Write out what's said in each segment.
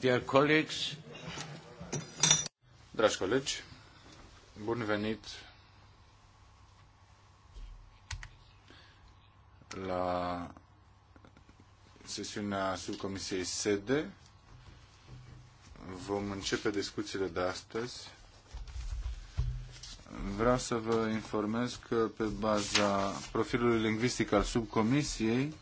Dear colleagues, dragi colegi, bun venit la sesiunea subcomisiei SEDE. Vom începe discuțiile de astăzi. Vreau să vă informez că pe baza profilului lingvistic al subcomisiei,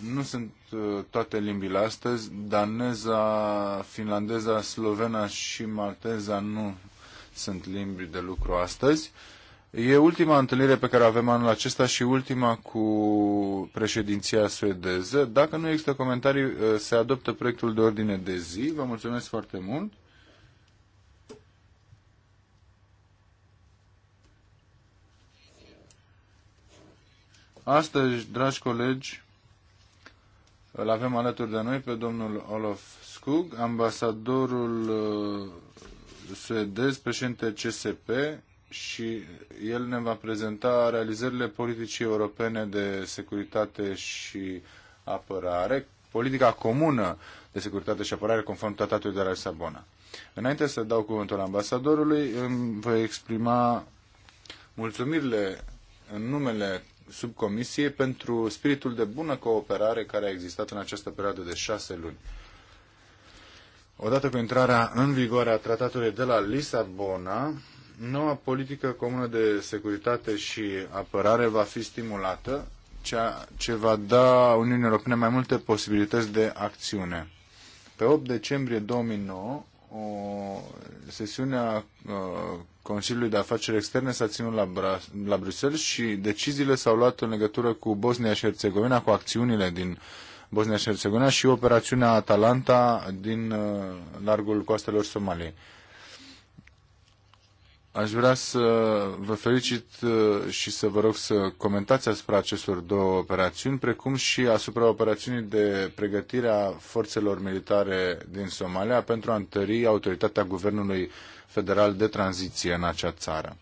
nu sunt uh, toate limbile astăzi. Daneza, finlandeza, slovena și malteza nu sunt limbi de lucru astăzi. E ultima întâlnire pe care o avem anul acesta și ultima cu președinția suedeză. Dacă nu există comentarii, uh, se adoptă proiectul de ordine de zi. Vă mulțumesc foarte mult. Astăzi, dragi colegi, îl avem alături de noi pe domnul Olof Skug, ambasadorul uh, suedez, președinte CSP și el ne va prezenta realizările politicii europene de securitate și apărare, politica comună de securitate și apărare conform tratatului de la Lisabona. Înainte să dau cuvântul ambasadorului, îmi voi exprima mulțumirile în numele comisie pentru spiritul de bună cooperare care a existat în această perioadă de șase luni. Odată cu intrarea în vigoare a tratatului de la Lisabona, noua politică comună de securitate și apărare va fi stimulată, ceea ce va da Uniunii Europene mai multe posibilități de acțiune. Pe 8 decembrie 2009, o sesiune a uh, Consiliului de Afaceri Externe s-a ținut la, Bra- la Bruxelles și deciziile s-au luat în legătură cu Bosnia și Herțegovina, cu acțiunile din Bosnia și Herțegovina și operațiunea Atalanta din uh, largul coastelor Somaliei. Aș vrea să vă felicit uh, și să vă rog să comentați asupra acestor două operațiuni, precum și asupra operațiunii de pregătire a forțelor militare din Somalia pentru a întări autoritatea Guvernului Federal de Tranziție în acea țară.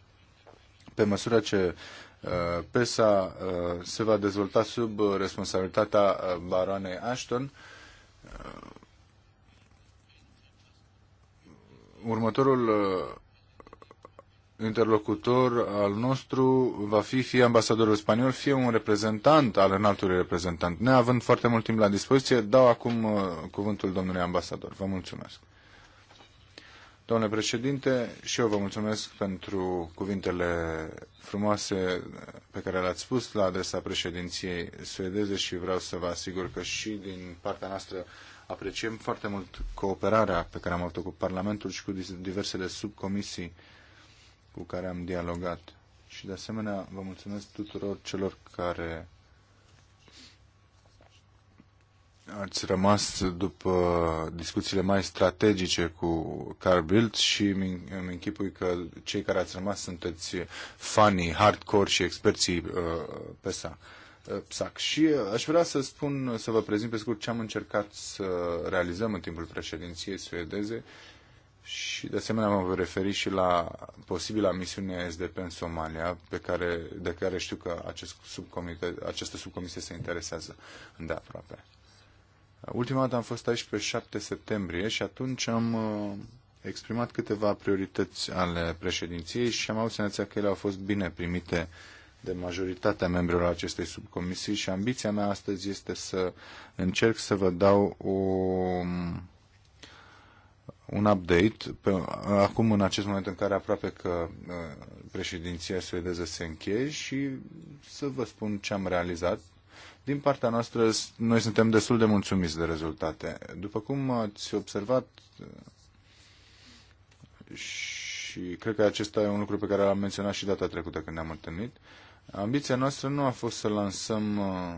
Pe măsură ce uh, PESA uh, se va dezvolta sub responsabilitatea baroanei Ashton, următorul interlocutor al nostru va fi fie ambasadorul spaniol, fie un reprezentant al înaltului reprezentant. Ne având foarte mult timp la dispoziție, dau acum uh, cuvântul domnului ambasador. Vă mulțumesc. Domnule președinte, și eu vă mulțumesc pentru cuvintele frumoase pe care le-ați spus la adresa președinției suedeze și vreau să vă asigur că și din partea noastră apreciem foarte mult cooperarea pe care am avut-o cu Parlamentul și cu diversele subcomisii uh, cu care am dialogat. Și de asemenea vă mulțumesc tuturor celor care ați rămas după discuțiile mai strategice cu Carl Bildt și îmi închipui că cei care ați rămas sunteți fanii, hardcore și experții uh, sa. Uh, PSAC. Și uh, aș vrea să spun, să vă prezint pe scurt ce am încercat să realizăm în timpul președinției suedeze și de asemenea mă voi referi și la posibila misiune SDP în Somalia, pe care, de care știu că acest subcomite, această subcomisie se interesează îndeaproape. Ultima dată am fost aici pe 7 septembrie și atunci am uh, exprimat câteva priorități ale președinției și am avut senzația că ele au fost bine primite de majoritatea membrilor acestei subcomisii și ambiția mea astăzi este să încerc să vă dau o um, un update pe, acum în acest moment în care aproape că uh, președinția suedeză se încheie și să vă spun ce am realizat. Din partea noastră, noi suntem destul de mulțumiți de rezultate. După cum ați observat uh, și cred că acesta e un lucru pe care l-am menționat și data trecută când ne-am întâlnit, ambiția noastră nu a fost să lansăm uh,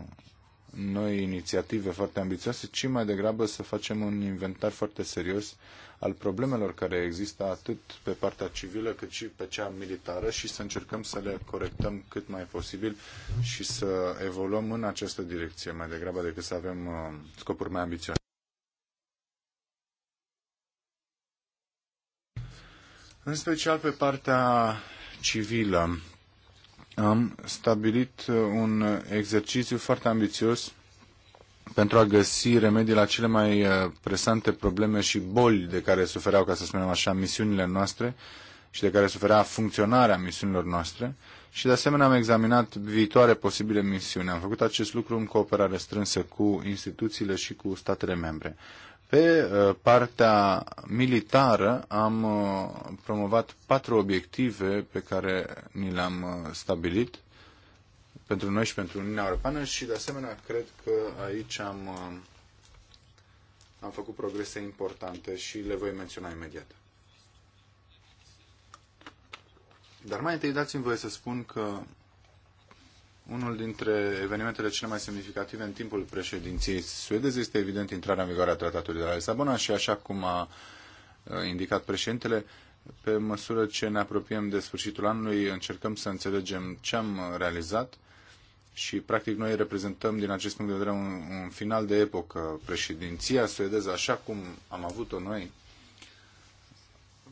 noi inițiative foarte ambițioase, ci mai degrabă să facem un inventar foarte serios al problemelor care există atât pe partea civilă cât și pe cea militară și să încercăm să le corectăm cât mai posibil și să evoluăm în această direcție mai degrabă decât să avem uh, scopuri mai ambițioase. În special pe partea civilă, am stabilit uh, un exercițiu foarte ambițios pentru a găsi remedii la cele mai uh, presante probleme și boli de care sufereau, ca să spunem așa, misiunile noastre și de care suferea funcționarea misiunilor noastre și de asemenea am examinat viitoare posibile misiuni. Am făcut acest lucru în cooperare strânsă cu instituțiile și cu statele membre. Pe uh, partea militară am uh, promovat patru obiective pe care ni le-am uh, stabilit pentru noi și pentru Uniunea Europeană și de asemenea cred că aici am, am făcut progrese importante și le voi menționa imediat. Dar mai întâi dați-mi voie să spun că unul dintre evenimentele cele mai semnificative în timpul președinției suedeze este evident intrarea în vigoare a tratatului de la Lisabona și așa cum a uh, indicat președintele, pe măsură ce ne apropiem de sfârșitul anului, încercăm să înțelegem ce am uh, realizat și, practic, noi reprezentăm, din acest punct de vedere, un, un final de epocă. Președinția suedeză, așa cum am avut-o noi,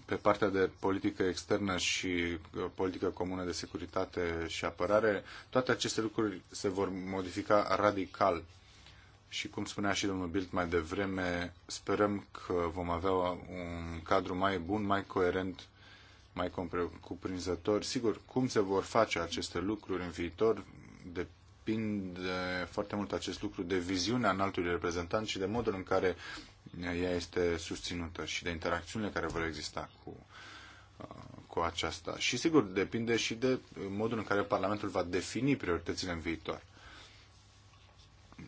pe partea de politică externă și uh, politică comună de securitate și apărare, toate aceste lucruri se vor modifica radical. Și cum spunea și domnul Bilt mai devreme, sperăm că vom avea un cadru mai bun, mai coerent, mai cuprinzător. Sigur, cum se vor face aceste lucruri în viitor depinde foarte mult acest lucru de viziunea înaltului reprezentant și de modul în care ea este susținută și de interacțiunile care vor exista cu, uh, cu aceasta. Și sigur, depinde și de modul în care Parlamentul va defini prioritățile în viitor.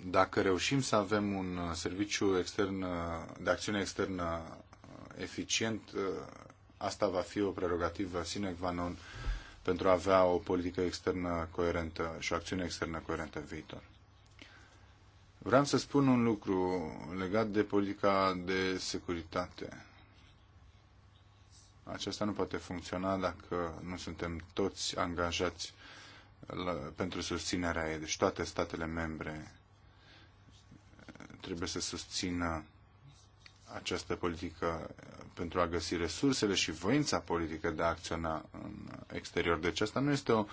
Dacă reușim să avem un uh, serviciu extern, uh, de acțiune externă eficient, asta va fi o prerogativă sine qua non pentru a avea o politică externă coerentă și o acțiune externă coerentă în viitor. Vreau să spun un lucru legat de politica de securitate. Aceasta nu poate funcționa dacă nu suntem toți angajați la, pentru susținerea ei. Deci toate statele membre trebuie să susțină această politică pentru a găsi resursele și voința politică de a acționa în exterior. Deci asta nu este o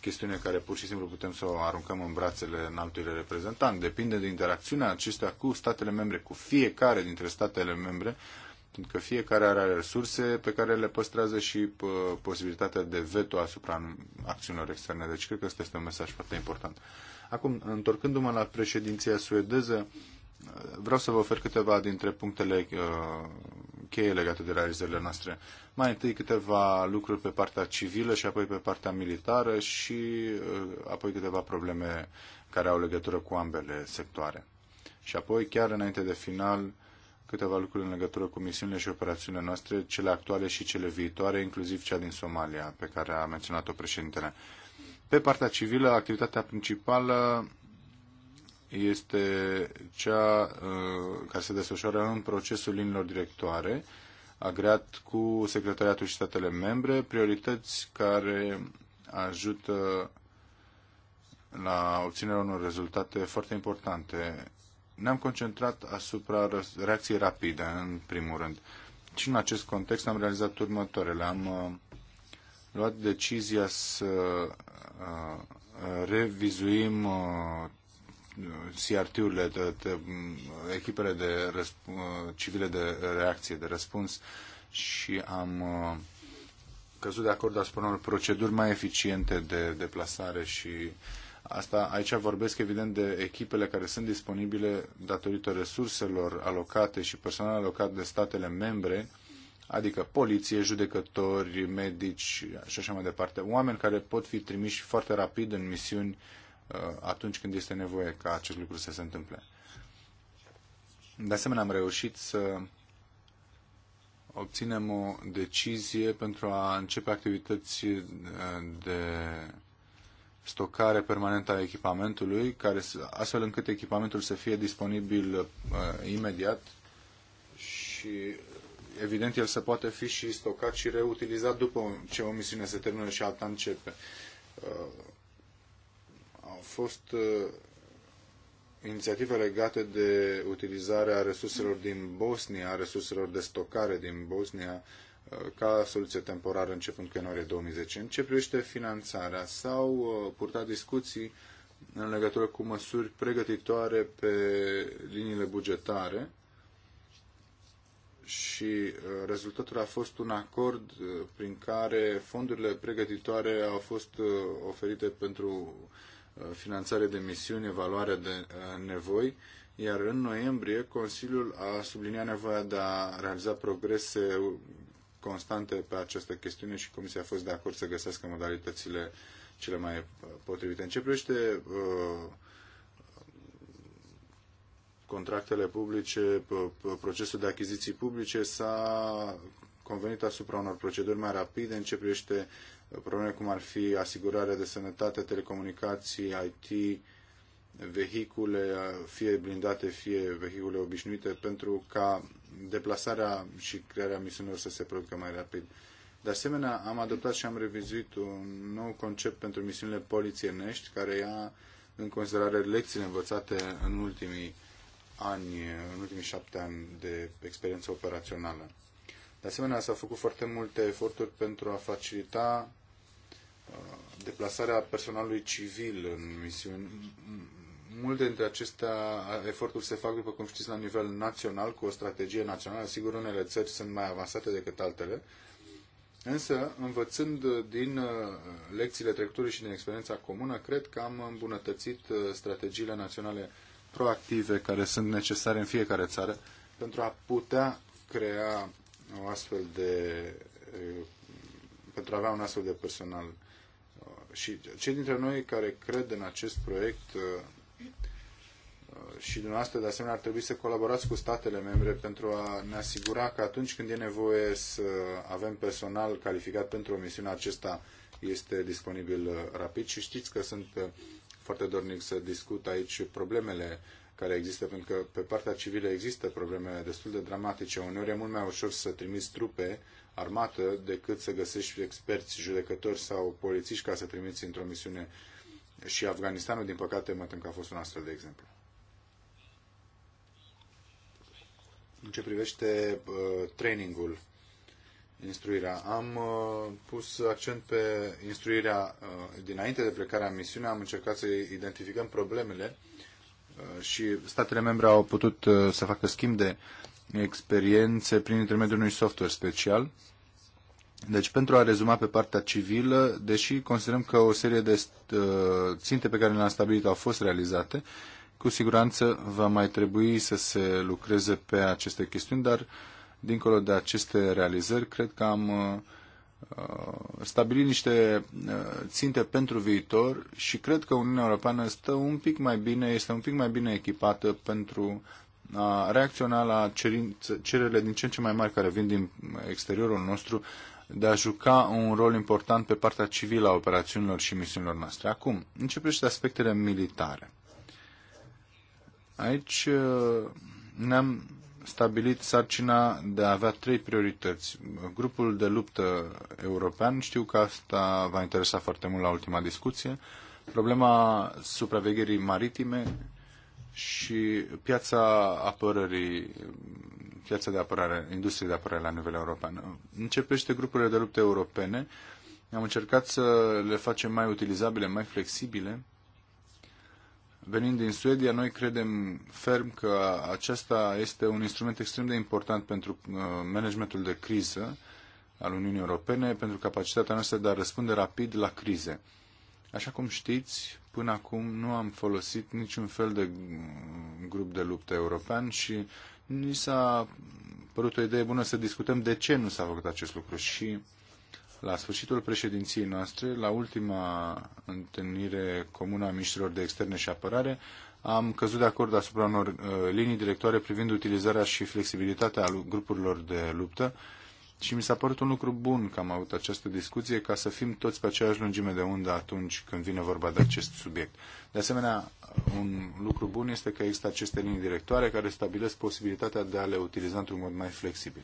chestiune care pur și simplu putem să o aruncăm în brațele înaltului reprezentant. Depinde de interacțiunea acestea cu statele membre, cu fiecare dintre statele membre, pentru că fiecare are resurse pe care le păstrează și posibilitatea de veto asupra acțiunilor externe. Deci cred că ăsta este un mesaj foarte important. Acum, întorcându-mă la președinția suedeză, uh, vreau să vă ofer câteva dintre punctele uh, cheie legate de realizările noastre. Mai întâi câteva lucruri pe partea civilă și apoi pe partea militară și uh, apoi câteva probleme care au legătură cu ambele sectoare. Și apoi, chiar înainte de final, câteva lucruri în legătură cu misiunile și operațiunile noastre, cele actuale și cele viitoare, inclusiv cea din Somalia, pe care a menționat-o președintele. Pe partea civilă, activitatea principală este cea uh, care se desfășoară în procesul linilor directoare, agreat cu Secretariatul și statele membre, priorități care ajută la obținerea unor rezultate foarte importante. Ne-am concentrat asupra reacției rapide, în primul rând. Și în acest context am realizat următoarele. Am uh, luat decizia să uh, revizuim CRT-urile, echipele de civile de reacție, de răspuns și am uh, căzut de acord asupra unor proceduri mai eficiente de deplasare și asta aici vorbesc evident de echipele care sunt disponibile datorită resurselor alocate și personal alocat de statele membre, adică poliție, judecători, medici și așa mai departe, oameni care pot fi trimiși foarte rapid în misiuni uh, Uh, atunci când este nevoie ca acest lucru să se întâmple. De asemenea, am reușit să obținem o decizie pentru a începe activități uh, de stocare permanentă a echipamentului, care, astfel încât echipamentul să fie disponibil uh, imediat și evident el să poate fi și stocat și reutilizat după ce o misiune se termină și alta începe. Uh, au fost uh, inițiative legate de utilizarea resurselor din Bosnia, resurselor de stocare din Bosnia, uh, ca soluție temporară începând cu ianuarie 2010. În ce privește finanțarea, s-au uh, purtat discuții în legătură cu măsuri pregătitoare pe liniile bugetare și rezultatul a fost un acord prin care fondurile pregătitoare au fost oferite pentru finanțare de misiuni, evaluare de nevoi, iar în noiembrie Consiliul a subliniat nevoia de a realiza progrese constante pe această chestiune și Comisia a fost de acord să găsească modalitățile cele mai uh, potrivite. În ce privește uh, contractele publice, procesul de achiziții publice s-a convenit asupra unor proceduri mai rapide în ce privește probleme cum ar fi asigurarea de sănătate, telecomunicații, IT, vehicule, fie blindate, fie vehicule obișnuite, pentru ca deplasarea și crearea misiunilor să se producă mai rapid. De asemenea, am adoptat și am revizuit un nou concept pentru misiunile polițienești, care ia în considerare lecțiile învățate în ultimii ani, în ultimii șapte ani de experiență operațională. De asemenea, s-au făcut foarte multe eforturi pentru a facilita uh, deplasarea personalului civil în misiuni. Multe dintre acestea uh, eforturi se fac, după cum știți, la nivel național, cu o strategie națională. Sigur, unele țări sunt mai avansate decât altele, însă, învățând din uh, lecțiile trecutului și din experiența comună, cred că am îmbunătățit strategiile naționale proactive care sunt necesare în fiecare țară pentru a putea crea o astfel de pentru a avea un astfel de personal. Și cei dintre noi care cred în acest proiect uh, și dumneavoastră de asemenea ar trebui să colaborați cu statele membre pentru a ne asigura că atunci când e nevoie să avem personal calificat pentru o misiune acesta este disponibil uh, rapid și știți că sunt uh, foarte dornic să discut aici problemele care există, pentru că pe partea civilă există probleme destul de dramatice. Uneori e mult mai ușor să trimiți trupe armată decât să găsești experți, judecători sau polițiști ca să trimiți într-o misiune. Și Afganistanul, din păcate, mă tem că a fost un astfel de exemplu. În ce privește uh, trainingul, instruirea, am uh, pus accent pe instruirea uh, dinainte de plecarea în misiune, am încercat să identificăm problemele uh, Uh, și statele membre au putut uh, să facă schimb de experiențe prin intermediul unui software special. Deci, pentru a rezuma pe partea civilă, deși considerăm că o serie de uh, ținte pe care le-am stabilit au fost realizate, cu siguranță va mai trebui să se lucreze pe aceste chestiuni, dar dincolo de aceste realizări, cred că am uh, Uh, stabili niște uh, ținte pentru viitor și cred că Uniunea Europeană stă un pic mai bine, este un pic mai bine echipată pentru a reacționa la cererile din ce în ce mai mari care vin din exteriorul nostru de a juca un rol important pe partea civilă a operațiunilor și misiunilor noastre. Acum, începește aspectele militare. Aici uh, ne-am stabilit sarcina de a avea trei priorități. Grupul de luptă european, știu că asta va interesa foarte mult la ultima discuție, problema supravegherii maritime și piața apărării, piața de apărare, industrie de apărare la nivel european. Începește grupurile de luptă europene. Am încercat să le facem mai utilizabile, mai flexibile venind din Suedia, noi credem ferm că acesta este un instrument extrem de important pentru uh, managementul de criză al Uniunii Europene, pentru capacitatea noastră de a răspunde rapid la crize. Așa cum știți, până acum nu am folosit niciun fel de uh, grup de luptă european și ni s-a părut o idee bună să discutăm de ce nu s-a făcut acest lucru și la sfârșitul președinției noastre, la ultima întâlnire comună a miștilor de externe și apărare, am căzut de acord asupra unor uh, linii directoare privind utilizarea și flexibilitatea grupurilor de luptă și mi s-a părut un lucru bun că am avut această discuție ca să fim toți pe aceeași lungime de undă atunci când vine vorba de acest subiect. De asemenea, un lucru bun este că există aceste linii directoare care stabilesc posibilitatea de a le utiliza într-un mod mai flexibil.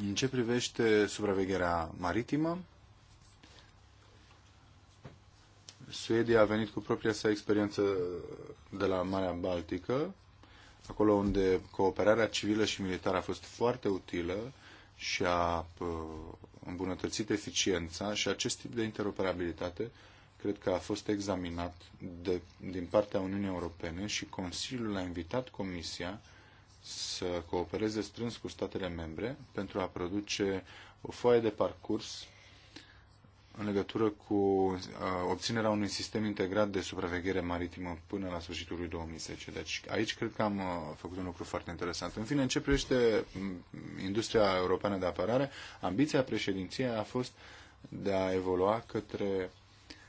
În ce privește supravegherea maritimă, Suedia a venit cu propria sa experiență de la Marea Baltică, acolo unde cooperarea civilă și militară a fost foarte utilă și a uh, îmbunătățit eficiența și acest tip de interoperabilitate cred că a fost examinat de, din partea Uniunii Europene și Consiliul a invitat Comisia să coopereze strâns cu statele membre pentru a produce o foaie de parcurs în legătură cu obținerea unui sistem integrat de supraveghere maritimă până la sfârșitul lui 2010. Deci aici cred că am făcut un lucru foarte interesant. În fine, în ce privește industria europeană de apărare, ambiția președinției a fost de a evolua către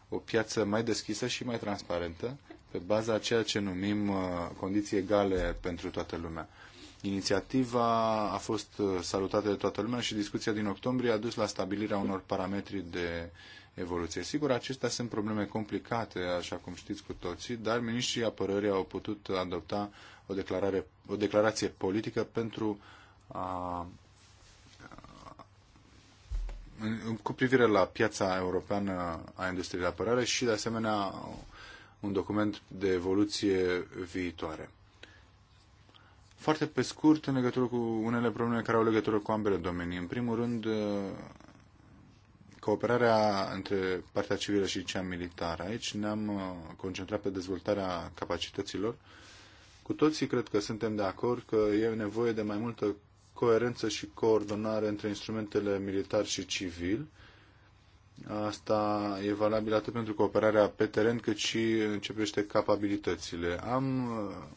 o piață mai deschisă și mai transparentă pe baza ceea ce numim condiții egale pentru toată lumea. Inițiativa a fost uh, salutată de toată lumea și discuția din octombrie a dus la stabilirea unor parametri de evoluție. Sigur, acestea sunt probleme complicate, așa cum știți cu toții, dar miniștrii apărării au putut adopta o, declarare, o declarație politică pentru a, cu privire la piața europeană a industriei de apărare și, de asemenea, un document de evoluție viitoare. Foarte pe scurt, în legătură cu unele probleme care au legătură cu ambele domenii. În primul rând, cooperarea între partea civilă și cea militară. Aici ne-am uh, concentrat pe dezvoltarea capacităților. Cu toții cred că suntem de acord că e nevoie de mai multă coerență și coordonare între instrumentele militar și civil. Asta e valabil atât pentru cooperarea pe teren cât și începește capabilitățile. Am uh,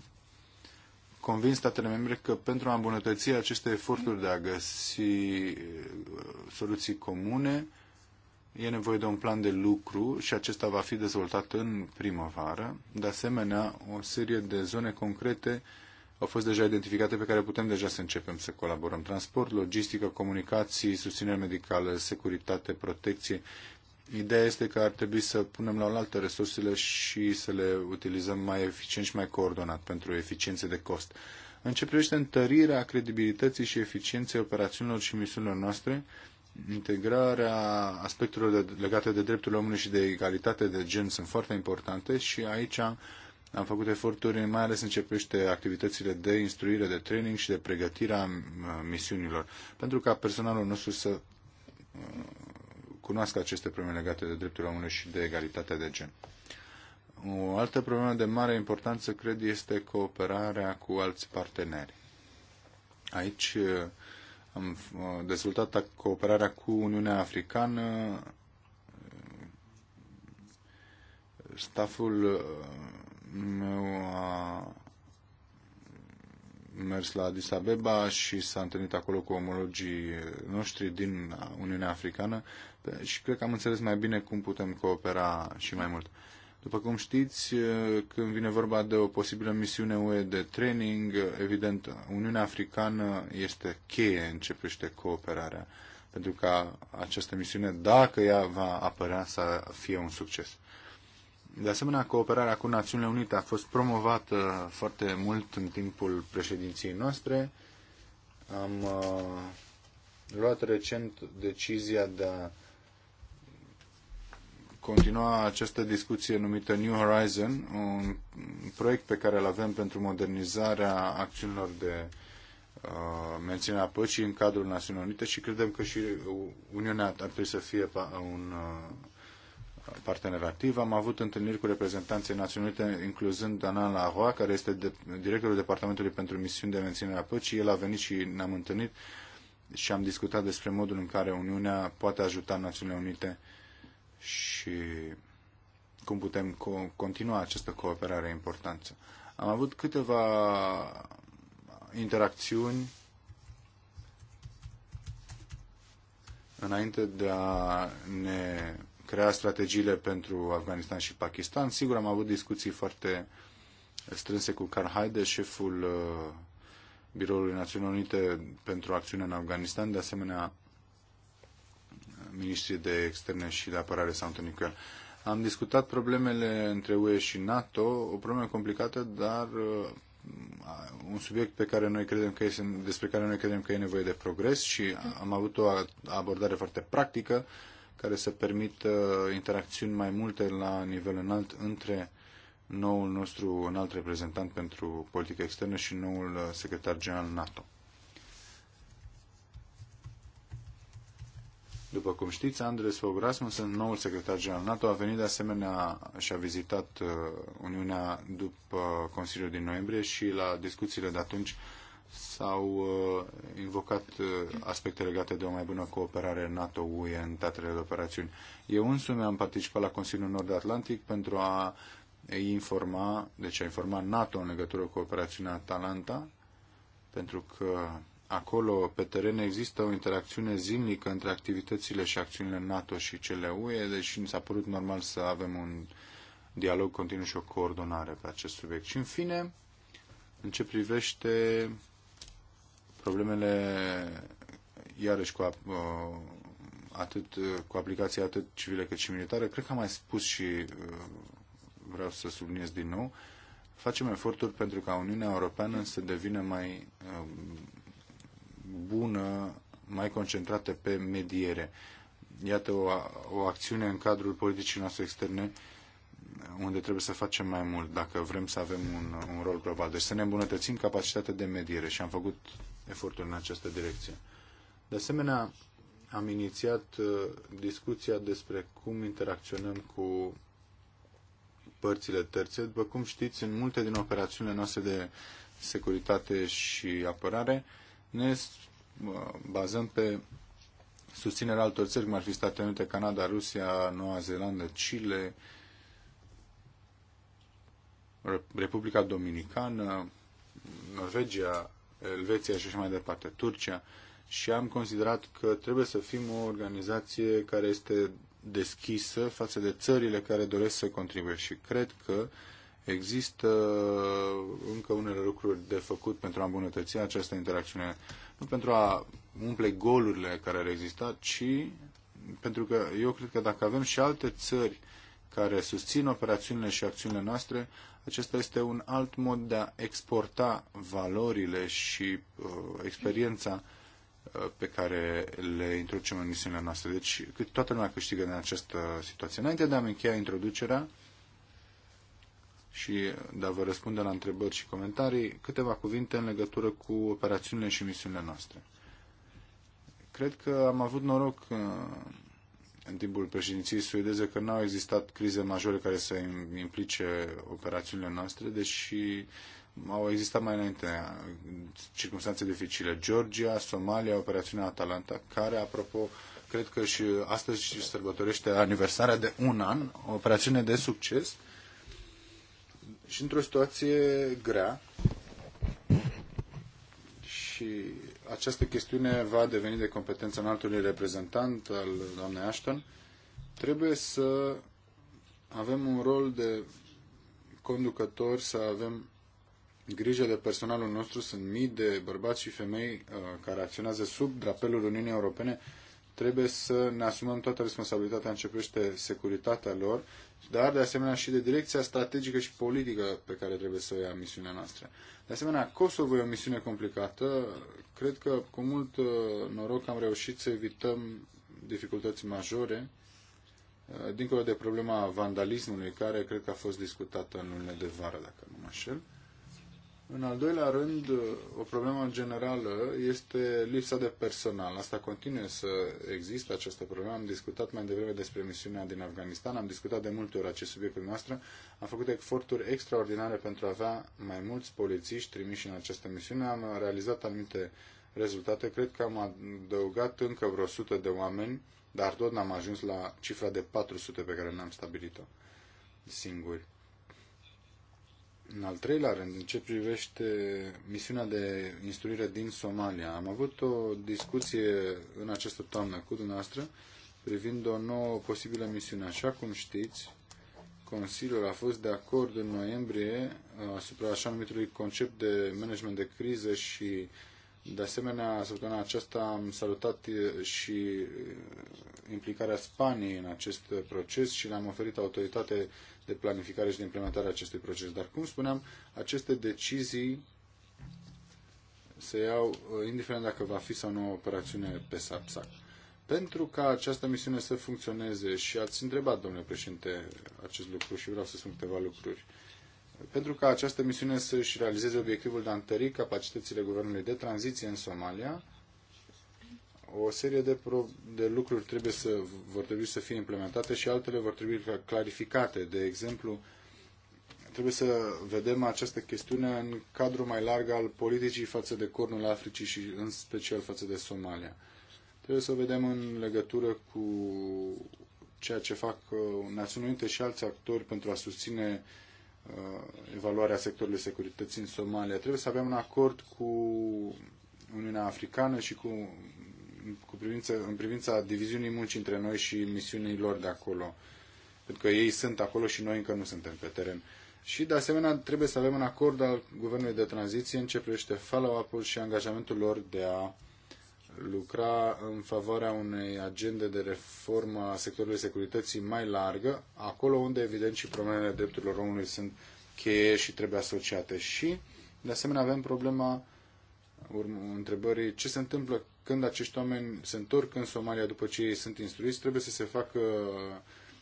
convins statele membre că pentru a îmbunătăți aceste eforturi de a găsi uh, soluții comune, e nevoie de un plan de lucru și acesta va fi dezvoltat în primăvară. De asemenea, o serie de zone concrete au fost deja identificate pe care putem deja să începem să colaborăm. Transport, logistică, comunicații, susținere medicală, securitate, protecție, Ideea este că ar trebui să punem la oaltă resursele și să le utilizăm mai eficient și mai coordonat pentru eficiențe de cost. În ce privește întărirea credibilității și eficienței operațiunilor și misiunilor noastre, integrarea aspectelor de, legate de drepturile omului și de egalitate de gen sunt foarte importante și aici am făcut eforturi, mai ales începește activitățile de instruire, de training și de pregătire a misiunilor, pentru ca personalul nostru să cunoască aceste probleme legate de drepturile omului și de egalitatea de gen. O altă problemă de mare importanță, cred, este cooperarea cu alți parteneri. Aici eh, am eh, dezvoltat cooperarea cu Uniunea Africană, staful eh, meu a mers la Addis Abeba și s-a întâlnit acolo cu omologii noștri din Uniunea Africană și cred că am înțeles mai bine cum putem coopera și mai mult. După cum știți, când vine vorba de o posibilă misiune UE de training, evident, Uniunea Africană este cheie în ce privește cooperarea, pentru ca această misiune, dacă ea va apărea, să fie un succes. De asemenea, cooperarea cu Națiunile Unite a fost promovată foarte mult în timpul președinției noastre. Am uh, luat recent decizia de a continua această discuție numită New Horizon, un proiect pe care îl avem pentru modernizarea acțiunilor de uh, menținerea păcii în cadrul Națiunilor Unite și credem că și Uniunea ar trebui să fie un uh, partener activ. Am avut întâlniri cu reprezentanții Națiunilor Unite, incluzând Anan Lahoa, care este de, directorul Departamentului pentru Misiuni de Menținere a Păcii. El a venit și ne-am întâlnit și am discutat despre modul în care Uniunea poate ajuta Națiunile Unite uh, și cum putem continua această cooperare importantă. Am avut câteva interacțiuni înainte de a ne crea strategiile pentru Afganistan și Pakistan. Sigur, am avut discuții foarte strânse cu Karl Haide, șeful uh, Biroului Națiunilor Unite pentru Acțiune în Afganistan. De asemenea, miniștrii de externe și de apărare s-au întâlnit cu el. Am discutat problemele între UE și NATO, o problemă complicată, dar uh, un subiect pe care noi credem că este, despre care noi credem că e nevoie de progres și am avut o abordare foarte practică care să permită interacțiuni mai multe la nivel înalt între noul nostru înalt reprezentant pentru politică externă și noul uh, secretar general NATO. După cum știți, Andres Fogh Rasmussen, noul secretar general NATO, a venit de asemenea și a vizitat uh, Uniunea după Consiliul din noiembrie și la discuțiile de atunci s-au uh, invocat uh, aspecte legate de o mai bună cooperare NATO-UE în teatrele de operațiuni. Eu însumi am participat la Consiliul Nord-Atlantic pentru a informa, deci a informa NATO în legătură cu operațiunea Atalanta, pentru că acolo, pe teren, există o interacțiune zilnică între activitățile și acțiunile NATO și cele UE, deci mi s-a părut normal să avem un dialog continuu și o coordonare pe acest subiect. Și, în fine, în ce privește problemele, iarăși, cu, uh, atât, cu aplicații atât civile cât și militare, cred că am mai spus și uh, vreau să subliniez din nou, facem eforturi pentru ca Uniunea Europeană să devină mai uh, bună, mai concentrată pe mediere. Iată o, o acțiune în cadrul politicii noastre externe unde trebuie să facem mai mult dacă vrem să avem un, un rol global. Deci să ne îmbunătățim capacitatea de mediere și am făcut eforturi în această direcție. De asemenea, am inițiat uh, discuția despre cum interacționăm cu părțile terțe. După cum știți, în multe din operațiunile noastre de securitate și apărare, uh, ne bazăm pe susținerea altor țări, cum ar fi Statele Unite, Canada, Rusia, Noua Zeelandă, Chile, Republica Dominicană, Norvegia, Elveția și așa mai departe, Turcia. Și am considerat că trebuie să fim o organizație care este deschisă față de țările care doresc să contribuie și cred că uh, există uh, încă unele lucruri de făcut pentru a îmbunătăți această interacțiune. Nu pentru a umple golurile care ar exista, ci pentru că eu cred că dacă avem și alte țări care susțin operațiunile și acțiunile noastre, acesta este un alt mod de a exporta valorile și uh, experiența uh, pe care le introducem în misiunile noastre. Deci, cât toată lumea câștigă din această situație. Înainte de a-mi încheia introducerea, și de a vă răspunde la întrebări și comentarii, câteva cuvinte în legătură cu operațiunile și misiunile noastre. Cred că am avut noroc uh, în timpul președinției suedeze că n-au existat crize majore care să implice operațiunile noastre, deși au existat mai înainte uh, circunstanțe dificile. Georgia, Somalia, operațiunea Atalanta, care, apropo, cred că și uh, astăzi și sărbătorește aniversarea de un an, o operațiune de succes, uh, și într-o situație grea și această chestiune va deveni de competența înaltului reprezentant al doamnei Ashton, trebuie să avem un rol de conducător, să avem grijă de personalul nostru. Sunt mii de bărbați și femei uh, care acționează sub drapelul Uniunii Europene. Trebuie să ne asumăm toată responsabilitatea în ce securitatea lor dar de asemenea și de direcția strategică și politică pe care trebuie să o ia misiunea noastră. De asemenea, Kosovo e o misiune complicată. Cred că cu mult uh, noroc am reușit să evităm dificultăți majore, uh, dincolo de problema vandalismului, care cred că a fost discutată în lunile de vară, dacă nu mă înșel. În al doilea rând, o problemă generală este lipsa de personal. Asta continuă să există, această problemă. Am discutat mai devreme despre misiunea din Afganistan, am discutat de multe ori acest subiect cu noastră. Am făcut eforturi extraordinare pentru a avea mai mulți polițiști trimiși în această misiune. Am realizat anumite rezultate. Cred că am adăugat încă vreo 100 de oameni, dar tot n-am ajuns la cifra de 400 pe care ne-am stabilit-o singuri. În al treilea rând, în ce privește misiunea de instruire din Somalia, am avut o discuție în această toamnă cu dumneavoastră privind o nouă posibilă misiune. Așa cum știți, Consiliul a fost de acord în noiembrie uh, asupra așa numitului concept de management de criză și de asemenea, săptămâna aceasta am salutat uh, și uh, implicarea Spaniei în acest proces și le-am oferit autoritate de planificare și de implementare a acestui proces. Dar, cum spuneam, aceste decizii se iau uh, indiferent dacă va fi sau nu o operațiune pe SAPSAC. Pentru ca această misiune să funcționeze, și ați întrebat, domnule președinte, acest lucru și vreau să spun câteva lucruri, pentru ca această misiune să-și realizeze obiectivul de a întări capacitățile guvernului de tranziție în Somalia, o serie de, pro, de lucruri trebuie să, vor trebui să fie implementate și altele vor trebui clarificate. De exemplu, trebuie să vedem această chestiune în cadrul mai larg al politicii față de Cornul Africii și în special față de Somalia. Trebuie să o vedem în legătură cu ceea ce fac uh, Națiunile Unite și alți actori pentru a susține uh, evaluarea sectorului securității în Somalia. Trebuie să avem un acord cu Uniunea Africană și cu cu privință, în privința diviziunii muncii între noi și misiunii lor de acolo. Pentru că ei sunt acolo și noi încă nu suntem pe teren. Și, de asemenea, trebuie să avem un acord al Guvernului de Tranziție în ce privește follow-up-ul și angajamentul lor de a lucra în favoarea unei agende de reformă a sectorului securității mai largă, acolo unde, evident, și problemele drepturilor omului sunt cheie și trebuie asociate. Și, de asemenea, avem problema întrebării ce se întâmplă când acești oameni se întorc în Somalia după ce ei sunt instruiți, trebuie să se facă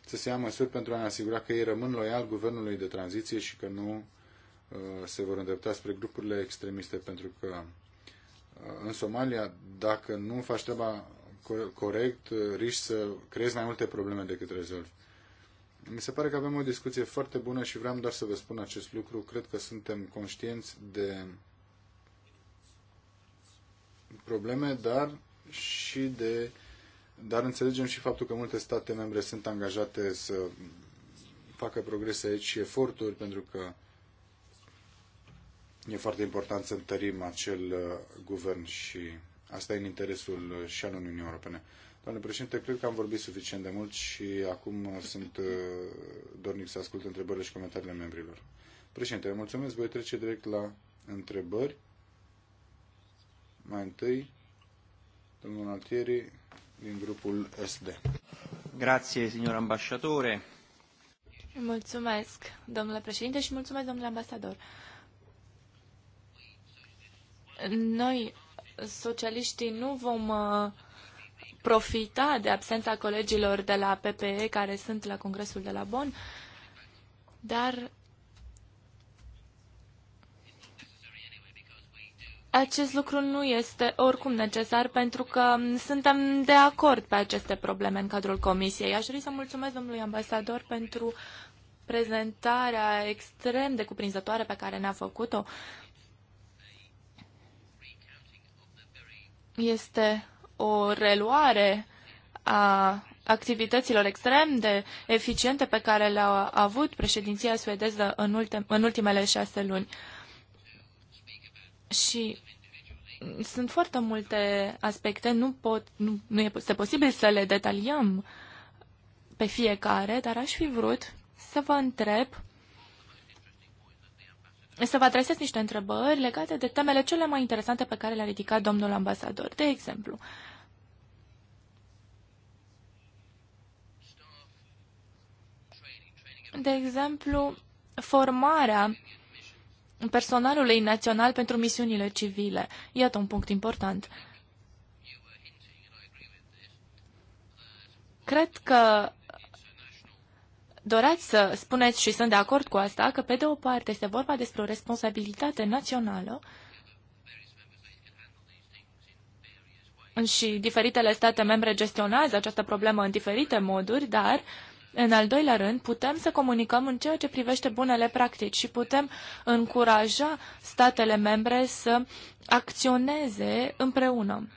să se ia măsuri pentru a ne asigura că ei rămân loial guvernului de tranziție și că nu uh, se vor îndrepta spre grupurile extremiste, pentru că uh, în Somalia, dacă nu faci treaba corect, uh, riști să creezi mai multe probleme decât rezolvi. Mi se pare că avem o discuție foarte bună și vreau doar să vă spun acest lucru. Cred că suntem conștienți de probleme, dar și de dar înțelegem și faptul că multe state membre sunt angajate să facă progrese aici și eforturi, pentru că e foarte important să întărim acel uh, guvern și asta e în interesul uh, și al Uniunii Europene. Doamne președinte, cred că am vorbit suficient de mult și acum uh, sunt dornic să ascult întrebările și comentariile membrilor. Președinte, mulțumesc, voi trece direct la întrebări. Mai întâi, domnul Altieri, din grupul SD. Grazie, signor ambasciatore. Mulțumesc, domnule președinte, și mulțumesc, domnule ambasador. Noi, socialiștii, nu vom uh, profita de absența colegilor de la PPE care sunt la Congresul de la Bonn, dar acest lucru nu este oricum necesar pentru că suntem de acord pe aceste probleme în cadrul Comisiei. Aș dori să mulțumesc domnului ambasador pentru prezentarea extrem de cuprinzătoare pe care ne-a făcut-o. Este o reluare a activităților extrem de eficiente pe care le-a avut președinția suedeză în, ultim, în ultimele șase luni. Și sunt foarte multe aspecte, nu, pot, nu, nu este posibil să le detaliem pe fiecare, dar aș fi vrut să vă întreb, să vă adresez niște întrebări legate de temele cele mai interesante pe care le-a ridicat domnul ambasador. De exemplu, de exemplu, formarea personalului național pentru misiunile civile. Iată un punct important. Cred că doreați să spuneți și sunt de acord cu asta că, pe de o parte, este vorba despre o responsabilitate națională și diferitele state membre gestionează această problemă în diferite moduri, dar uh, în al doilea rând, putem să comunicăm în ceea ce privește bunele practici și putem încuraja statele membre să acționeze împreună.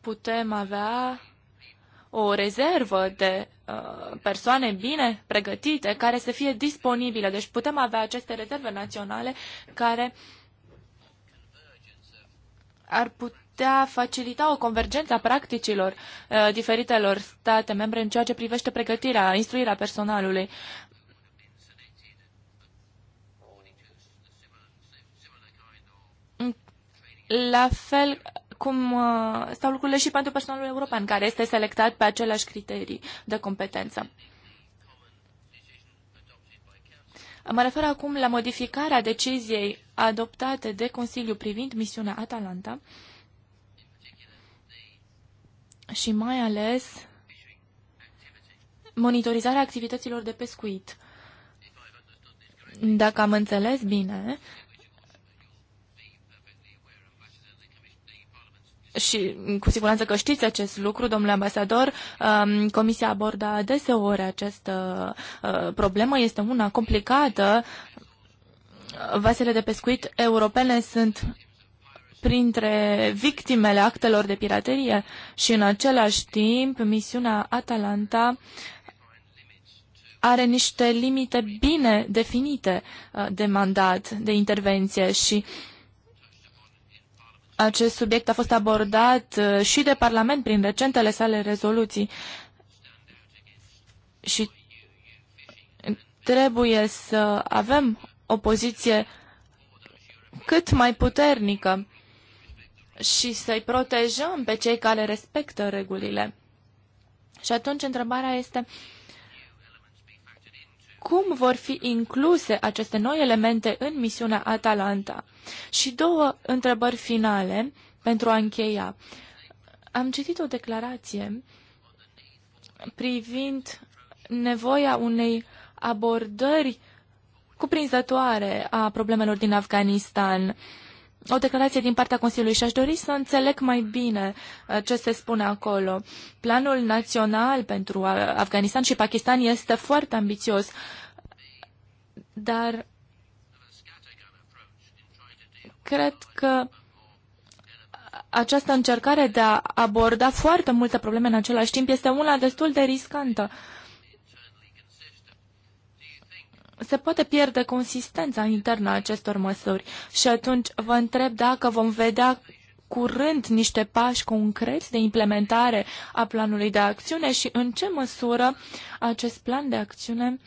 Putem avea o rezervă de uh, persoane bine pregătite care să fie disponibile. Deci putem avea aceste rezerve naționale care ar putea te-a facilita o convergență a practicilor uh, diferitelor state membre în ceea ce privește pregătirea, instruirea personalului. La fel cum uh, stau lucrurile și pentru personalul european, care este selectat pe aceleași criterii de competență. Mă refer acum la modificarea deciziei adoptate de Consiliu privind misiunea Atalanta, uh, și mai ales monitorizarea activităților de pescuit. Dacă am înțeles bine, și cu siguranță că știți acest lucru, domnule ambasador, um, Comisia aborda deseori această uh, problemă, este una complicată. Vasele de pescuit europene sunt printre victimele actelor de piraterie și în același timp misiunea Atalanta are niște limite bine definite uh, de mandat, de intervenție și acest subiect a fost abordat uh, și de Parlament prin recentele sale rezoluții și trebuie să avem o poziție cât mai puternică și să-i protejăm pe cei care respectă regulile. Și atunci întrebarea este cum vor fi incluse aceste noi elemente în misiunea Atalanta? Și două întrebări finale pentru a încheia. Am citit o declarație privind nevoia unei abordări cuprinzătoare a problemelor din Afganistan. Uh, o declarație din partea Consiliului și aș dori să înțeleg mai bine uh, ce se spune acolo. Planul național pentru uh, Afganistan și Pakistan este foarte ambițios, dar cred că această încercare de a aborda foarte multe probleme în același timp este una destul de riscantă. Uh, se poate pierde consistența internă a acestor măsuri și atunci vă întreb dacă vom vedea curând niște pași concreți de implementare a planului de acțiune și în ce măsură acest plan de acțiune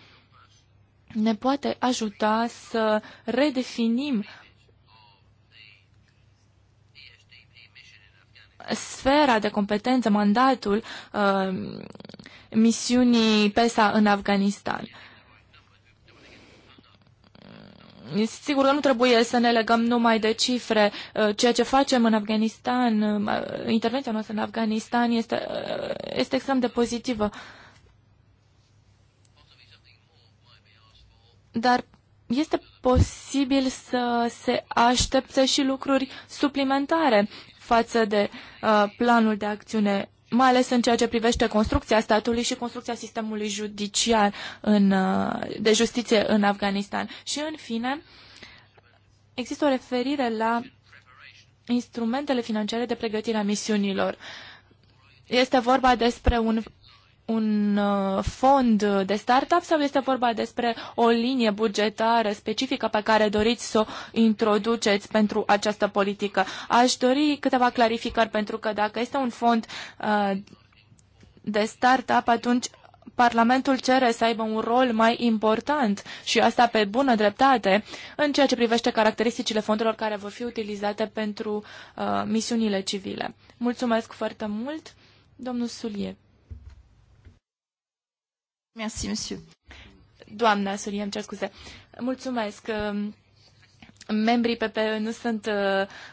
ne poate ajuta să redefinim sfera de competență, mandatul uh, misiunii PESA în Afganistan. Sigur că nu trebuie să ne legăm numai de cifre. Uh, ceea ce facem în Afganistan, uh, intervenția noastră în Afganistan este, uh, este extrem de pozitivă. Dar este posibil să se aștepte și lucruri suplimentare față de uh, planul de acțiune mai ales în ceea ce privește construcția statului și construcția sistemului judiciar în, uh, de justiție în Afganistan. Și în fine, există o referire la instrumentele financiare de pregătire a misiunilor. Este vorba despre un un uh, fond de startup sau este vorba despre o linie bugetară specifică pe care doriți să o introduceți pentru această politică? Aș dori câteva clarificări pentru că dacă este un fond uh, de startup, atunci Parlamentul cere să aibă un rol mai important și asta pe bună dreptate în ceea ce privește caracteristicile fondurilor care vor fi utilizate pentru uh, misiunile civile. Mulțumesc foarte mult, domnul Sulie. Merci, monsieur. Doamna Solie, îmi cer scuze. Mulțumesc membrii PP nu sunt uh,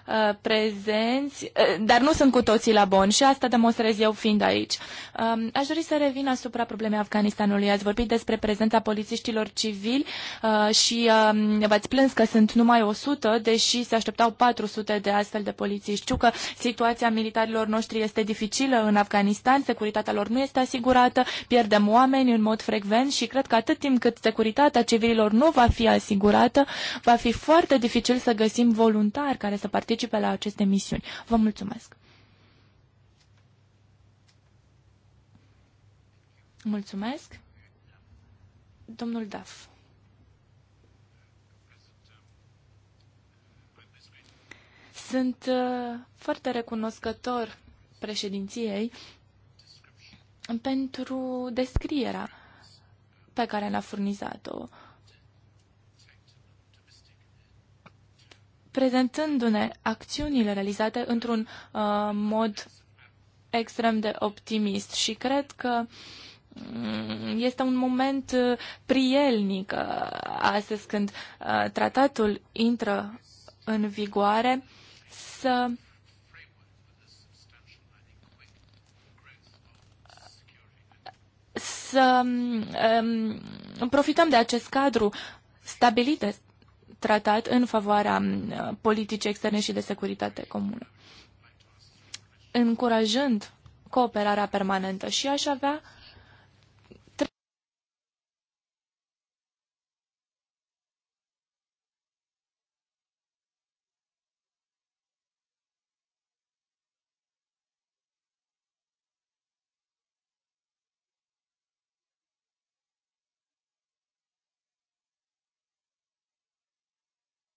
uh, prezenți, uh, dar nu sunt cu toții la bon și asta demonstrez eu fiind aici. Uh, aș dori să revin asupra problemei Afganistanului. Ați vorbit despre prezența polițiștilor civili uh, și uh, v-ați plâns că sunt numai 100, deși se așteptau 400 de astfel de polițiști. Știu că situația militarilor noștri este dificilă în Afganistan, securitatea lor nu este asigurată, pierdem oameni în mod frecvent și cred că atât timp cât securitatea civililor nu va fi asigurată, va fi foarte dificil să găsim voluntari care să participe la aceste misiuni. Vă mulțumesc! Mulțumesc! Domnul Daf. Sunt uh, foarte recunoscător președinției pentru descrierea pe care ne-a furnizat-o prezentându-ne acțiunile realizate într-un uh, mod extrem de optimist și cred că mm, este un moment uh, prielnic uh, astăzi când uh, tratatul intră în vigoare să să mm, um, profităm de acest cadru stabilit de tratat în favoarea politicii externe și de securitate comună, încurajând cooperarea permanentă. Și aș avea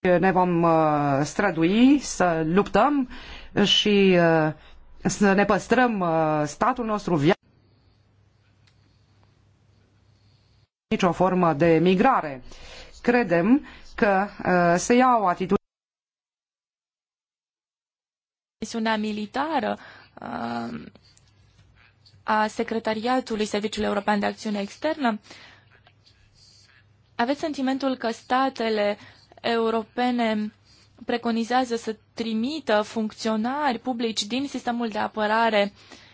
ne vom uh, strădui să luptăm și uh, să ne păstrăm uh, statul nostru viață. Nicio formă de migrare. Credem că se ia o atitudine. Misiunea militară a Secretariatului Serviciului European de Acțiune Externă. Aveți sentimentul că statele europene preconizează să trimită funcționari publici din sistemul de apărare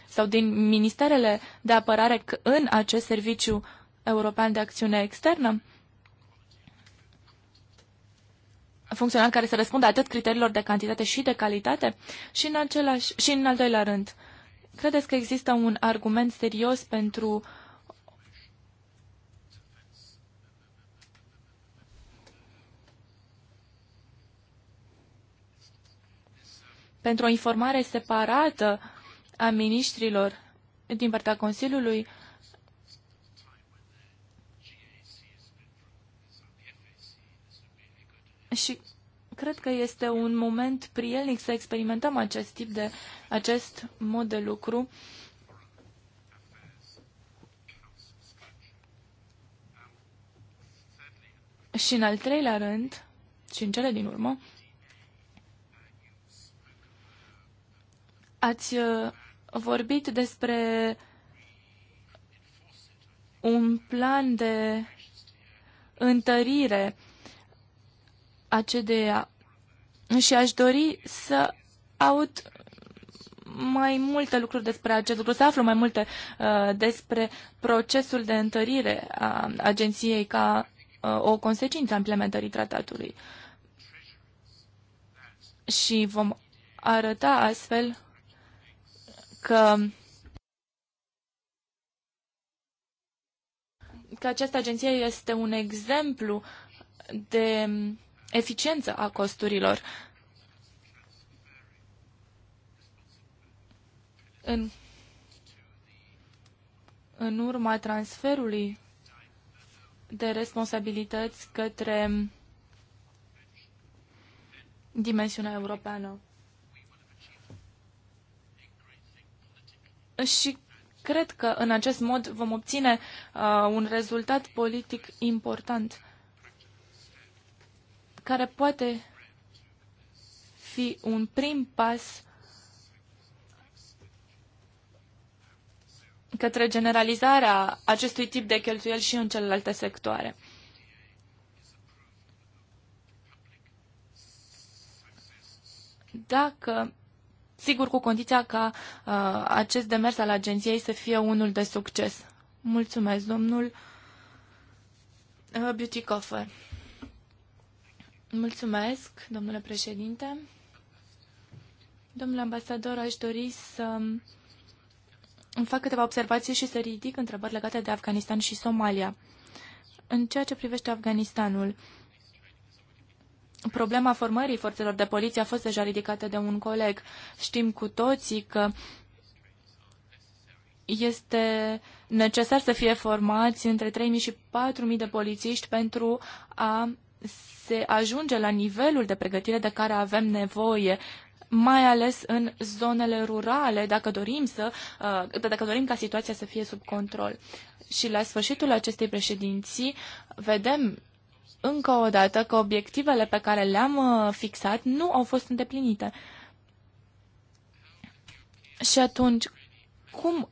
sau din ministerele de apărare în acest serviciu european de acțiune externă? funcțional care să răspundă atât criteriilor de cantitate și de calitate și în, același, și în al doilea rând. Credeți că există un argument serios pentru uh, pentru o informare separată a ministrilor din partea Consiliului și cred că este un moment prielnic să experimentăm acest tip de, acest mod de lucru. Și în al treilea rând, și în cele din urmă, Ați uh, vorbit despre un plan de întărire a CDA și aș dori să aud mai multe lucruri despre acest lucru, să aflu mai multe uh, despre procesul de întărire a agenției ca uh, o consecință a implementării tratatului. Și vom arăta astfel că că această agenție este un exemplu de eficiență a costurilor. În, în urma transferului de responsabilități către dimensiunea europeană. și cred că în acest mod vom obține uh, un rezultat politic important care poate fi un prim pas către generalizarea acestui tip de cheltuieli și în celelalte sectoare. Dacă sigur cu condiția ca uh, acest demers al agenției să fie unul de succes. Mulțumesc, domnul uh, Beauty Coffer. Mulțumesc, domnule președinte. Domnule ambasador, aș dori să um, îmi fac câteva observații și să ridic întrebări legate de Afganistan și Somalia. În ceea ce privește Afganistanul, uh, Problema formării forțelor de poliție a fost deja ridicată de un coleg. Știm cu toții că este necesar să fie formați între 3.000 și 4.000 de polițiști pentru a se ajunge la nivelul de pregătire de care avem nevoie mai ales în zonele rurale, dacă dorim, să, uh, dacă dorim ca situația să fie sub control. Și la sfârșitul acestei președinții vedem încă o dată că obiectivele pe care le-am uh, fixat nu au fost îndeplinite. Și atunci, cum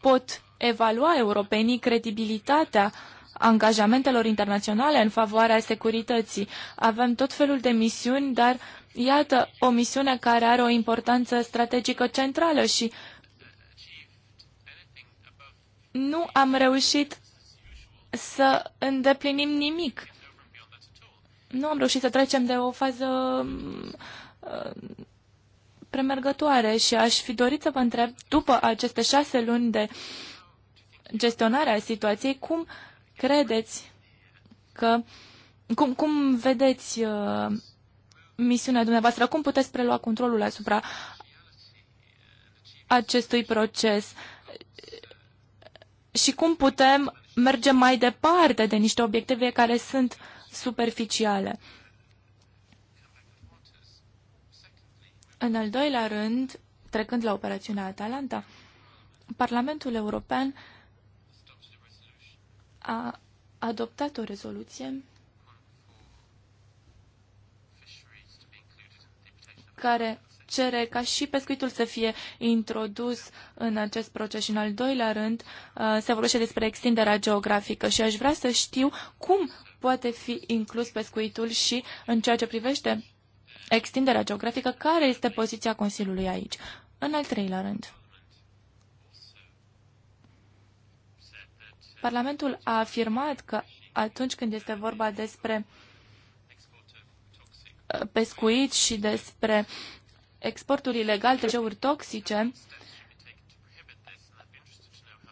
pot evalua europenii credibilitatea angajamentelor internaționale în favoarea securității? Avem tot felul de misiuni, dar iată o misiune care are o importanță strategică centrală și nu am reușit să îndeplinim nimic. Nu am reușit să trecem de o fază uh, premergătoare și aș fi dorit să vă întreb, după aceste șase luni de gestionare a situației, cum credeți că, cum, cum vedeți uh, misiunea dumneavoastră, cum puteți prelua controlul asupra acestui proces și cum putem mergem mai departe de niște obiective care sunt superficiale. În al doilea rând, trecând la operațiunea Atalanta, Parlamentul European a adoptat o rezoluție care cere ca și pescuitul să fie introdus în acest proces. Și în al doilea rând, uh, se vorbește despre extinderea geografică și aș vrea să știu cum poate fi inclus pescuitul și în ceea ce privește extinderea geografică, care este poziția Consiliului aici. În al treilea rând, Parlamentul a afirmat că atunci când este vorba despre uh, pescuit și despre exportul ilegal de ceuri toxice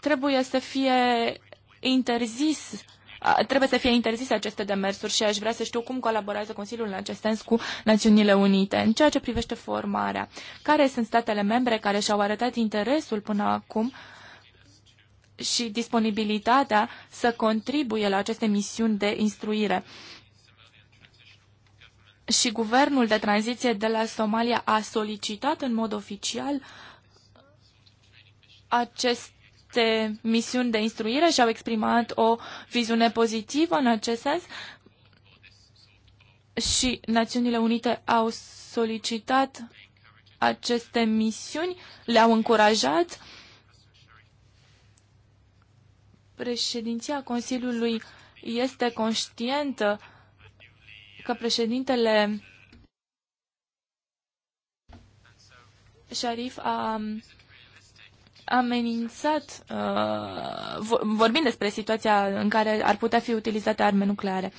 trebuie să fie interzis trebuie să fie interzise aceste demersuri și aș vrea să știu cum colaborează Consiliul în acest sens cu Națiunile Unite. În ceea ce privește formarea, care sunt statele membre care și-au arătat interesul până acum și disponibilitatea să contribuie la aceste misiuni de instruire? și guvernul de tranziție de la Somalia a solicitat în mod oficial aceste misiuni de instruire și au exprimat o viziune pozitivă în acest sens și Națiunile Unite au solicitat aceste misiuni, le-au încurajat. Președinția Consiliului este conștientă că președintele Sharif a amenințat, uh, vorbind despre situația în care ar putea fi utilizate arme nucleare.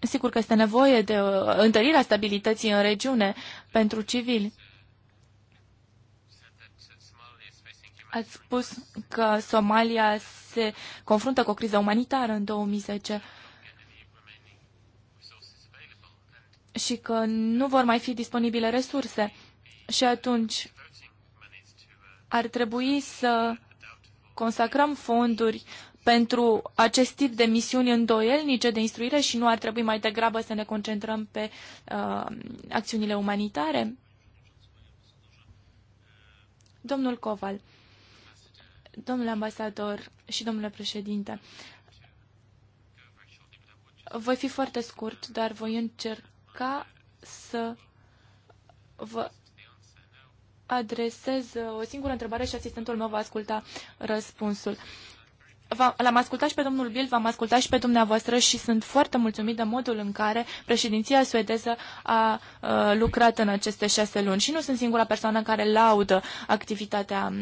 Sigur că este nevoie de uh, întărirea stabilității în regiune pentru civili. Ați spus că Somalia se confruntă cu o criză umanitară în 2010 și că nu vor mai fi disponibile resurse. Și atunci ar trebui să consacrăm fonduri pentru acest tip de misiuni îndoielnice de instruire și nu ar trebui mai degrabă să ne concentrăm pe uh, acțiunile umanitare? Domnul Coval. Domnule ambasador și domnule președinte, voi fi foarte scurt, dar voi încerca să vă adresez o singură întrebare și asistentul meu va asculta răspunsul. L-am ascultat și pe domnul Bill, v-am ascultat și pe dumneavoastră și sunt foarte mulțumit de modul în care președinția suedeză a, a lucrat în aceste șase luni. Și nu sunt singura persoană care laudă activitatea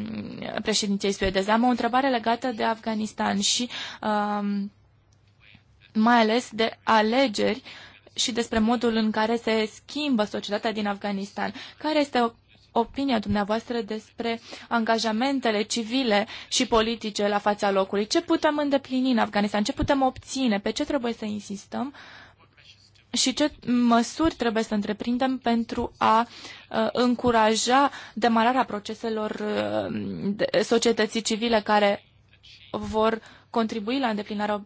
președinției suedeze. Am o întrebare legată de Afganistan și a, mai ales de alegeri și despre modul în care se schimbă societatea din Afganistan. Care este opinia dumneavoastră despre angajamentele civile și politice la fața locului. Ce putem îndeplini în Afganistan? Ce putem obține? Pe ce trebuie să insistăm? și ce măsuri trebuie să întreprindem pentru a uh, încuraja demararea proceselor uh, de societății civile care vor contribui la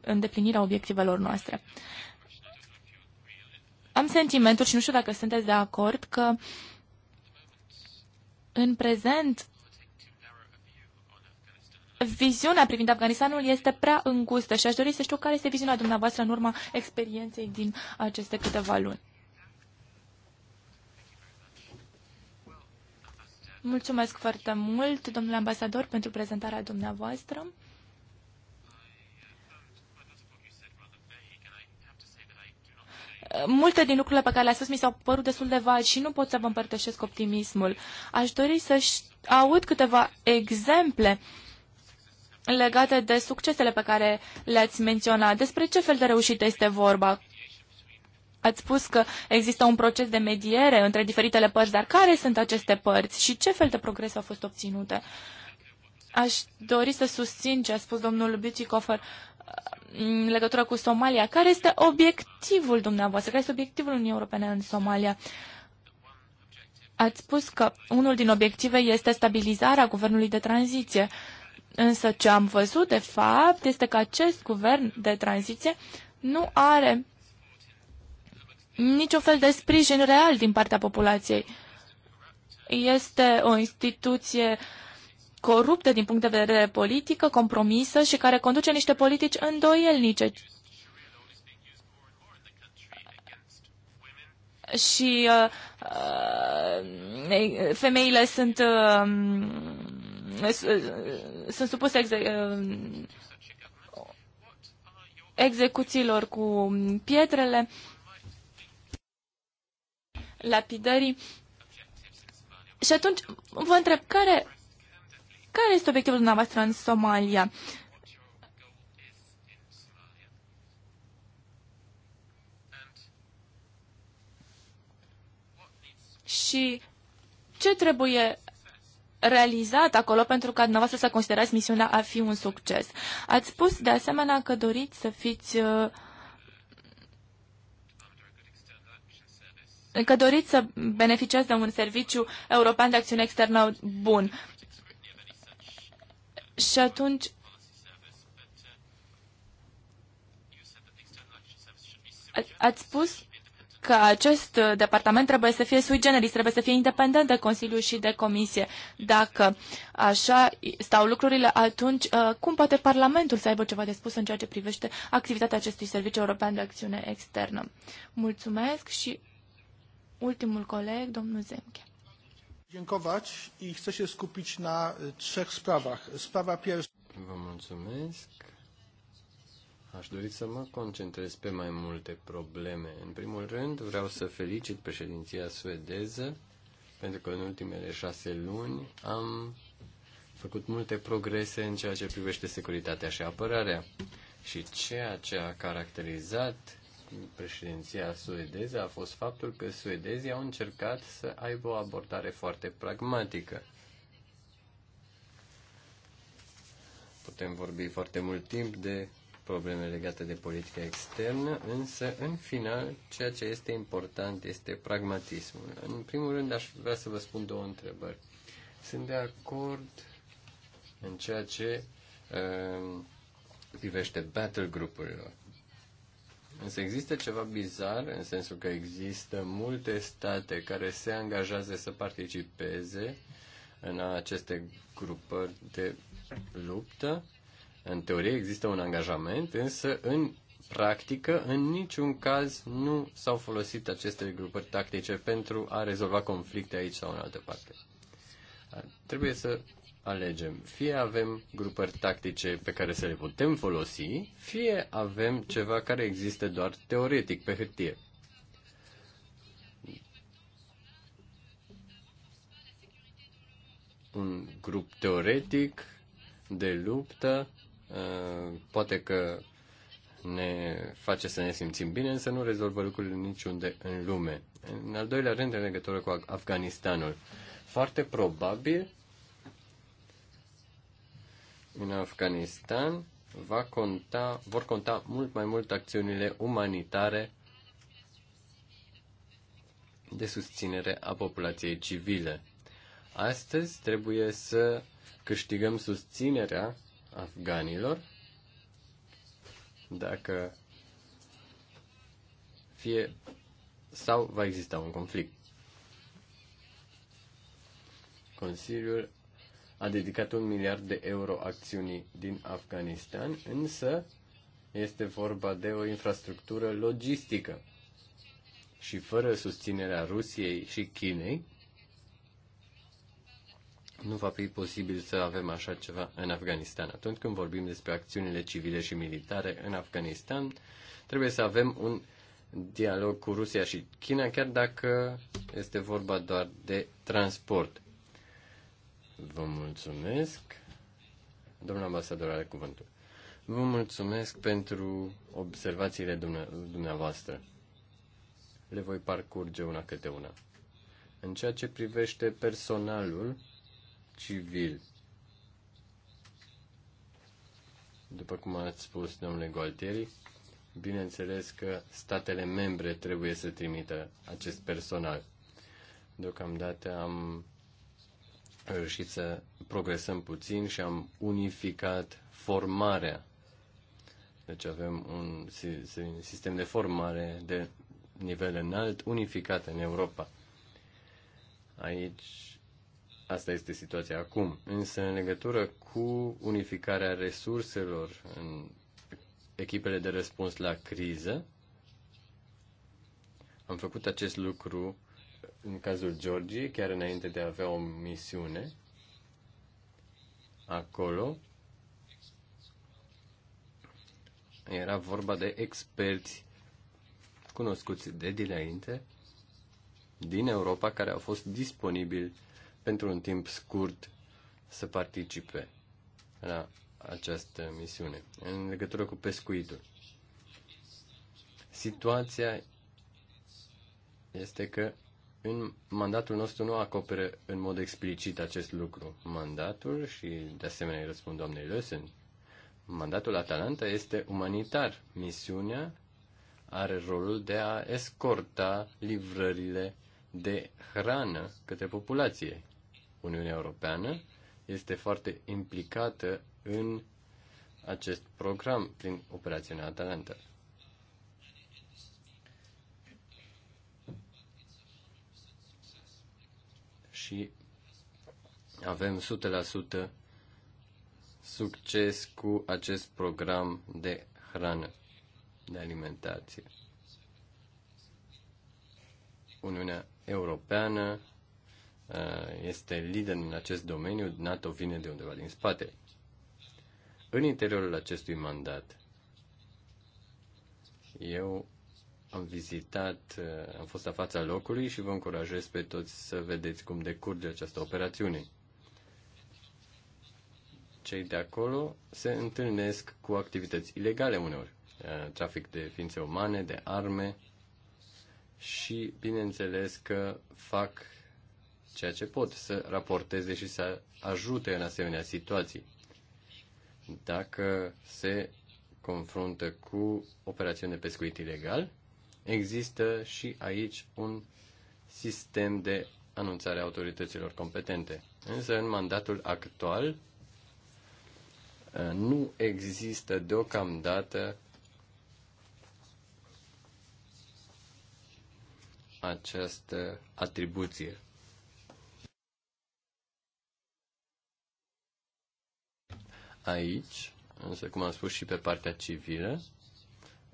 îndeplinirea, obiectivelor noastre. Am sentimentul și nu știu dacă sunteți de acord că uh, în prezent, viziunea privind Afganistanul este prea îngustă și aș dori să știu care este viziunea dumneavoastră în urma experienței din aceste câteva luni. Mulțumesc foarte mult, domnule ambasador, pentru prezentarea dumneavoastră. multe din lucrurile pe care le-a spus mi s-au părut destul de vagi și nu pot să vă împărtășesc optimismul. Aș dori să aud câteva exemple legate de succesele pe care le-ați menționat. Despre ce fel de reușită este vorba? Ați spus că există un proces de mediere între diferitele părți, dar care sunt aceste părți și ce fel de progres au fost obținute? Aș dori să susțin ce a spus domnul Bicicofer în legătură cu Somalia. Care este obiectivul dumneavoastră? Care este obiectivul Uniunii Europene în Somalia? Ați spus că unul din obiective este stabilizarea guvernului de tranziție. Însă ce am văzut, de fapt, este că acest guvern de tranziție nu are niciun fel de sprijin real din partea populației. Este o instituție uh, coruptă din punct de vedere politică, compromisă și care conduce niște politici îndoielnice. Și uh, uh femeile sunt, um, uh, sunt supuse exe- uh, execuțiilor cu pietrele, lapidării. Și atunci vă întreb, care care este obiectivul dumneavoastră în Somalia? Și ce trebuie realizat acolo pentru ca dumneavoastră să considerați misiunea a fi un succes. Ați spus de asemenea că doriți să fiți uh, că doriți să beneficiați de un serviciu european de acțiune externă bun. Și atunci ați spus că acest departament trebuie să fie sui generis, trebuie să fie independent de Consiliu și de Comisie. Dacă așa stau lucrurile, atunci cum poate Parlamentul să aibă ceva de spus în ceea ce privește activitatea acestui Serviciu European de Acțiune Externă? Mulțumesc și ultimul coleg, domnul Zemche. Dziękować i chcę się skupić na trzech sprawach. Sprawa pierwsza. Vă mulțumesc. Aș dori să mă concentrez pe mai multe probleme. În primul rând, vreau să felicit președinția suedeză, pentru că în ultimele șase luni am făcut multe progrese în ceea ce privește securitatea și apărarea. Și ceea ce a caracterizat președinția suedeză a fost faptul că suedezii au încercat să aibă o abordare foarte pragmatică. Putem vorbi foarte mult timp de probleme legate de politica externă, însă, în final, ceea ce este important este pragmatismul. În primul rând, aș vrea să vă spun două întrebări. Sunt de acord în ceea ce uh, privește battle grupurilor. Însă există ceva bizar, în sensul că există multe state care se angajează să participeze în aceste grupări de luptă. În teorie există un angajament, însă în practică, în niciun caz nu s-au folosit aceste grupări tactice pentru a rezolva conflicte aici sau în altă parte. Trebuie să alegem. Fie avem grupări tactice pe care să le putem folosi, fie avem ceva care există doar teoretic pe hârtie. Un grup teoretic de luptă uh, poate că ne face să ne simțim bine, însă nu rezolvă lucrurile niciunde în lume. În al doilea rând, în legătură cu Afganistanul, foarte probabil în Afganistan va conta, vor conta mult mai mult acțiunile umanitare de susținere a populației civile. Astăzi trebuie să câștigăm susținerea afganilor dacă fie sau va exista un conflict. Consiliul a dedicat un miliard de euro acțiunii din Afganistan, însă este vorba de o infrastructură logistică. Și fără susținerea Rusiei și Chinei, nu va fi posibil să avem așa ceva în Afganistan. Atunci când vorbim despre acțiunile civile și militare în Afganistan, trebuie să avem un dialog cu Rusia și China, chiar dacă este vorba doar de transport. Vă mulțumesc. Domnul ambasador are cuvântul. Vă mulțumesc pentru observațiile dumneavoastră. Le voi parcurge una câte una. În ceea ce privește personalul civil, după cum ați spus, domnule Gualtieri, bineînțeles că statele membre trebuie să trimită acest personal. Deocamdată am reușit să progresăm puțin și am unificat formarea. Deci avem un sistem de formare de nivel înalt unificat în Europa. Aici, asta este situația acum. Însă, în legătură cu unificarea resurselor în echipele de răspuns la criză, am făcut acest lucru în cazul Georgie, chiar înainte de a avea o misiune acolo, era vorba de experți cunoscuți de dinainte din Europa care au fost disponibili pentru un timp scurt să participe la această misiune în legătură cu pescuitul. Situația este că în mandatul nostru nu acopere în mod explicit acest lucru. Mandatul, și de asemenea îi răspund doamnei Lösen, mandatul Atalanta este umanitar. Misiunea are rolul de a escorta livrările de hrană către populație. Uniunea Europeană este foarte implicată în acest program prin operațiunea Atalanta. și avem 100% succes cu acest program de hrană, de alimentație. Uniunea Europeană uh, este lider în acest domeniu, NATO vine de undeva din spate. În interiorul acestui mandat, eu am vizitat, eh, am fost la fața locului și vă încurajez pe toți să vedeți cum decurge această operațiune. Cei de acolo se întâlnesc cu activități ilegale uneori, eh, trafic de ființe umane, de arme și, bineînțeles, că fac ceea ce pot să raporteze și să ajute în asemenea situații. Dacă se confruntă cu operațiune de pescuit ilegal, există și aici un sistem de anunțare a autorităților competente. Însă, în mandatul actual, uh, nu există deocamdată această atribuție. Aici, însă, cum am spus și pe partea civilă,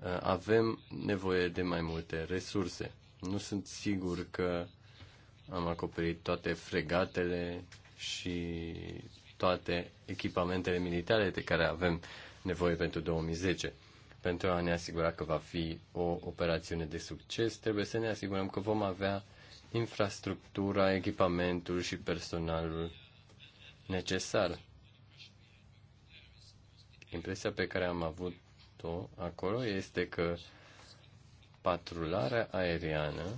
Uh, avem nevoie de mai multe resurse. Nu sunt sigur că am acoperit toate fregatele și toate echipamentele militare de care avem nevoie pentru 2010. Pentru a ne asigura că va fi o operațiune de succes, trebuie să ne asigurăm că vom avea infrastructura, echipamentul și personalul necesar. Impresia pe care am avut NATO acolo este că patrularea aeriană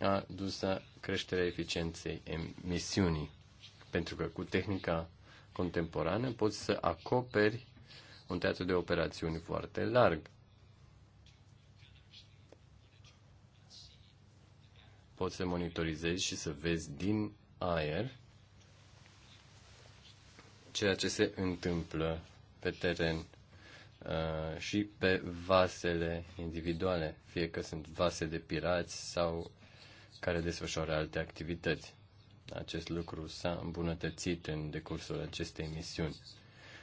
a dus la creșterea eficienței emisiunii, pentru că cu tehnica contemporană poți să acoperi un teatru de operațiuni foarte larg. Poți să monitorizezi și să vezi din aer ceea ce se întâmplă pe teren uh, și pe vasele individuale, fie că sunt vase de pirați sau care desfășoară alte activități. Acest lucru s-a îmbunătățit în decursul acestei misiuni.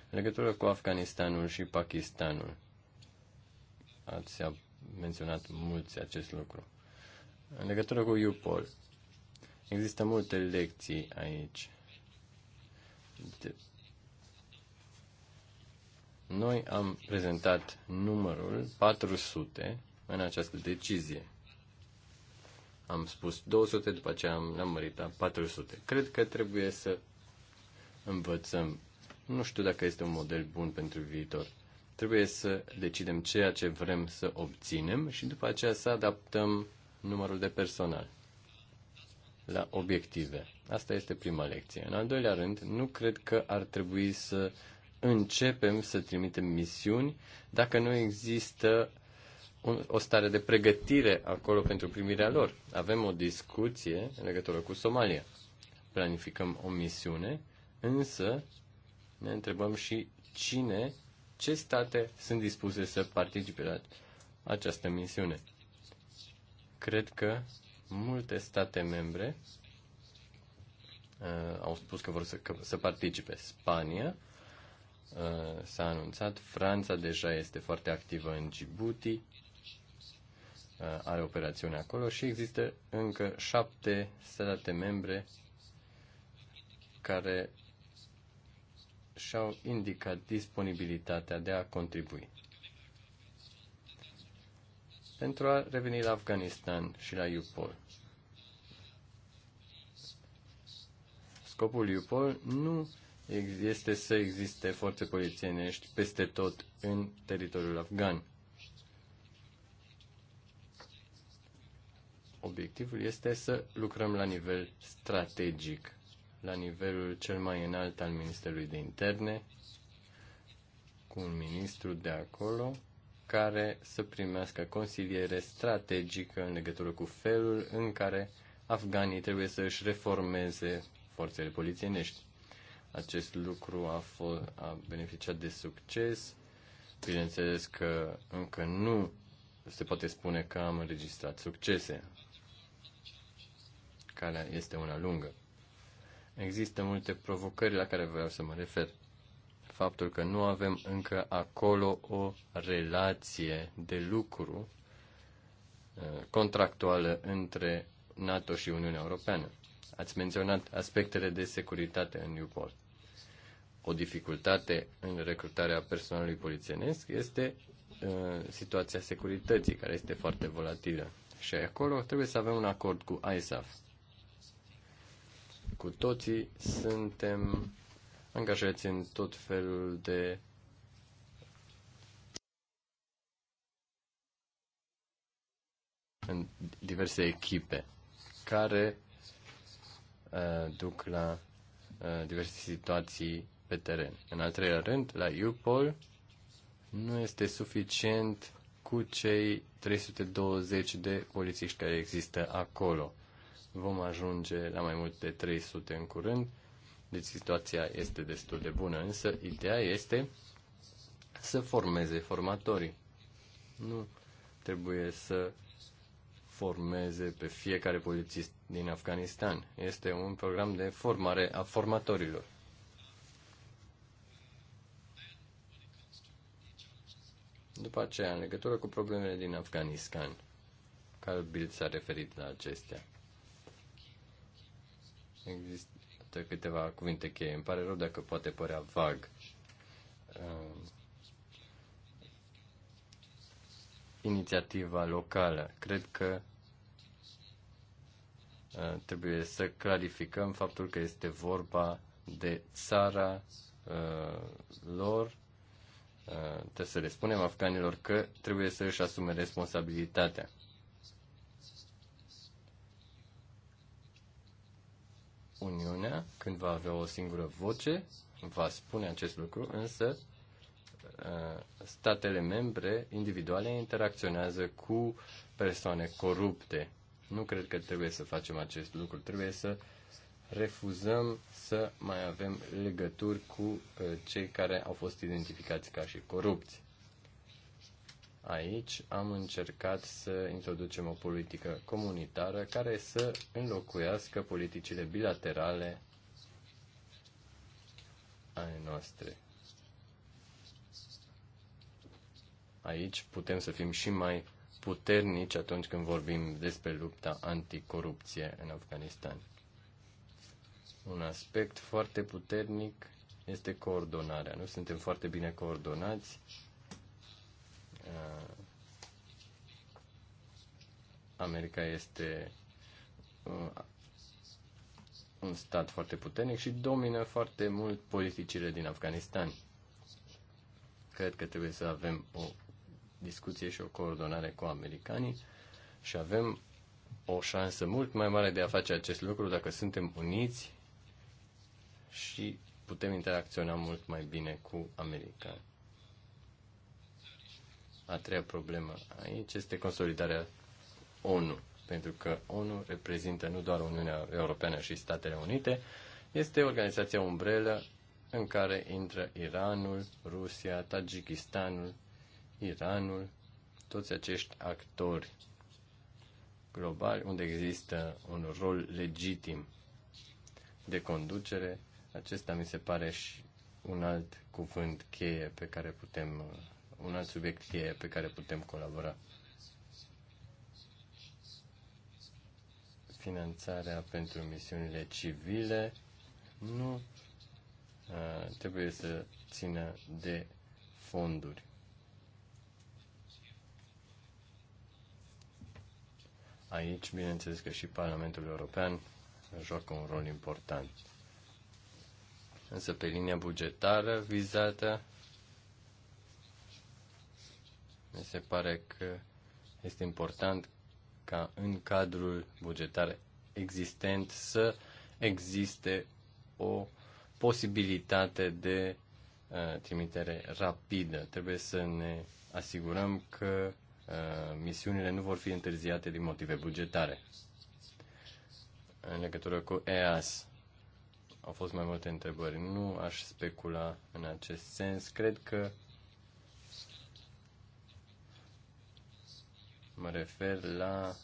În legătură cu Afganistanul și Pakistanul, ați menționat mulți acest lucru. În legătură cu UPOL, există multe lecții aici. De, noi am prezentat numărul 400 în această decizie. Am spus 200, după ce am, lămurit la 400. Cred că trebuie să învățăm. Nu știu dacă este un model bun pentru viitor. Trebuie să decidem ceea ce vrem să obținem și după aceea să adaptăm numărul de personal la obiective. Asta este prima lecție. În al doilea rând, nu cred că ar trebui să începem să trimitem misiuni dacă nu există o stare de pregătire acolo pentru primirea lor. Avem o discuție în legătură cu Somalia. Planificăm o misiune, însă ne întrebăm și cine, ce state sunt dispuse să participe la această misiune. Cred că multe state membre uh, au spus că vor să, că, să participe. Spania, Uh, s-a anunțat. Franța deja este foarte activă în Djibouti, uh, are operațiune acolo și există încă șapte state membre care și-au indicat disponibilitatea de a contribui. Pentru a reveni la Afganistan și la UPOL. Scopul UPOL nu este să existe forțe polițienești peste tot în teritoriul afgan. Obiectivul este să lucrăm la nivel strategic, la nivelul cel mai înalt al Ministerului de Interne, cu un ministru de acolo care să primească consiliere strategică în legătură cu felul în care afganii trebuie să își reformeze forțele polițienești. Acest lucru a, fost, a beneficiat de succes. Bineînțeles că încă nu se poate spune că am înregistrat succese. Calea este una lungă. Există multe provocări la care vreau să mă refer. Faptul că nu avem încă acolo o relație de lucru uh, contractuală între NATO și Uniunea Europeană. Ați menționat aspectele de securitate în Newport o dificultate în recrutarea personalului polițienesc este uh, situația securității, care este foarte volatilă. Și acolo trebuie să avem un acord cu ISAF. Cu toții suntem angajați în tot felul de în diverse echipe care uh, duc la uh, diverse situații pe teren. În al treilea rând, la UPOL nu este suficient cu cei 320 de polițiști care există acolo. Vom ajunge la mai mult de 300 în curând, deci situația este destul de bună, însă ideea este să formeze formatorii. Nu trebuie să formeze pe fiecare polițist din Afganistan. Este un program de formare a formatorilor. După aceea, în legătură cu problemele din Afganistan, Carl Bild s-a referit la acestea. Există câteva cuvinte cheie. Îmi pare rău dacă poate părea vag. Uh, inițiativa locală. Cred că uh, trebuie să clarificăm faptul că este vorba de țara uh, lor trebuie să le spunem afganilor că trebuie să își asume responsabilitatea. Uniunea, când va avea o singură voce, va spune acest lucru, însă uh, statele membre individuale interacționează cu persoane corupte. Nu cred că trebuie să facem acest lucru. Trebuie să uh, refuzăm să mai avem legături cu uh, cei care au fost identificați ca și corupți. Aici am încercat să introducem o politică comunitară care să înlocuiască politicile bilaterale ale noastre. Aici putem să fim și mai puternici atunci când vorbim despre lupta anticorupție în Afganistan un aspect foarte puternic este coordonarea. Nu suntem foarte bine coordonați. Uh, America este uh, un stat foarte puternic și domină foarte mult politicile din Afganistan. Cred că trebuie să avem o discuție și o coordonare cu americanii și avem o șansă mult mai mare de a face acest lucru dacă suntem uniți și putem interacționa mult mai bine cu America. A treia problemă aici este consolidarea ONU, pentru că ONU reprezintă nu doar Uniunea Europeană și Statele Unite, este organizația umbrelă în care intră Iranul, Rusia, Tajikistanul, Iranul, toți acești actori globali unde există un rol legitim de conducere acesta mi se pare și un alt cuvânt cheie pe care putem, un alt subiect cheie pe care putem colabora. Finanțarea pentru misiunile civile nu trebuie să țină de fonduri. Aici, bineînțeles că și Parlamentul European joacă un rol important. Însă pe linia bugetară vizată, mi se pare că este important ca în cadrul bugetar existent să existe o posibilitate de uh, trimitere rapidă. Trebuie să ne asigurăm că uh, misiunile nu vor fi întârziate din motive bugetare. În legătură cu EAS, au fost mai multe întrebări. Nu aș specula în acest sens. Cred că mă refer la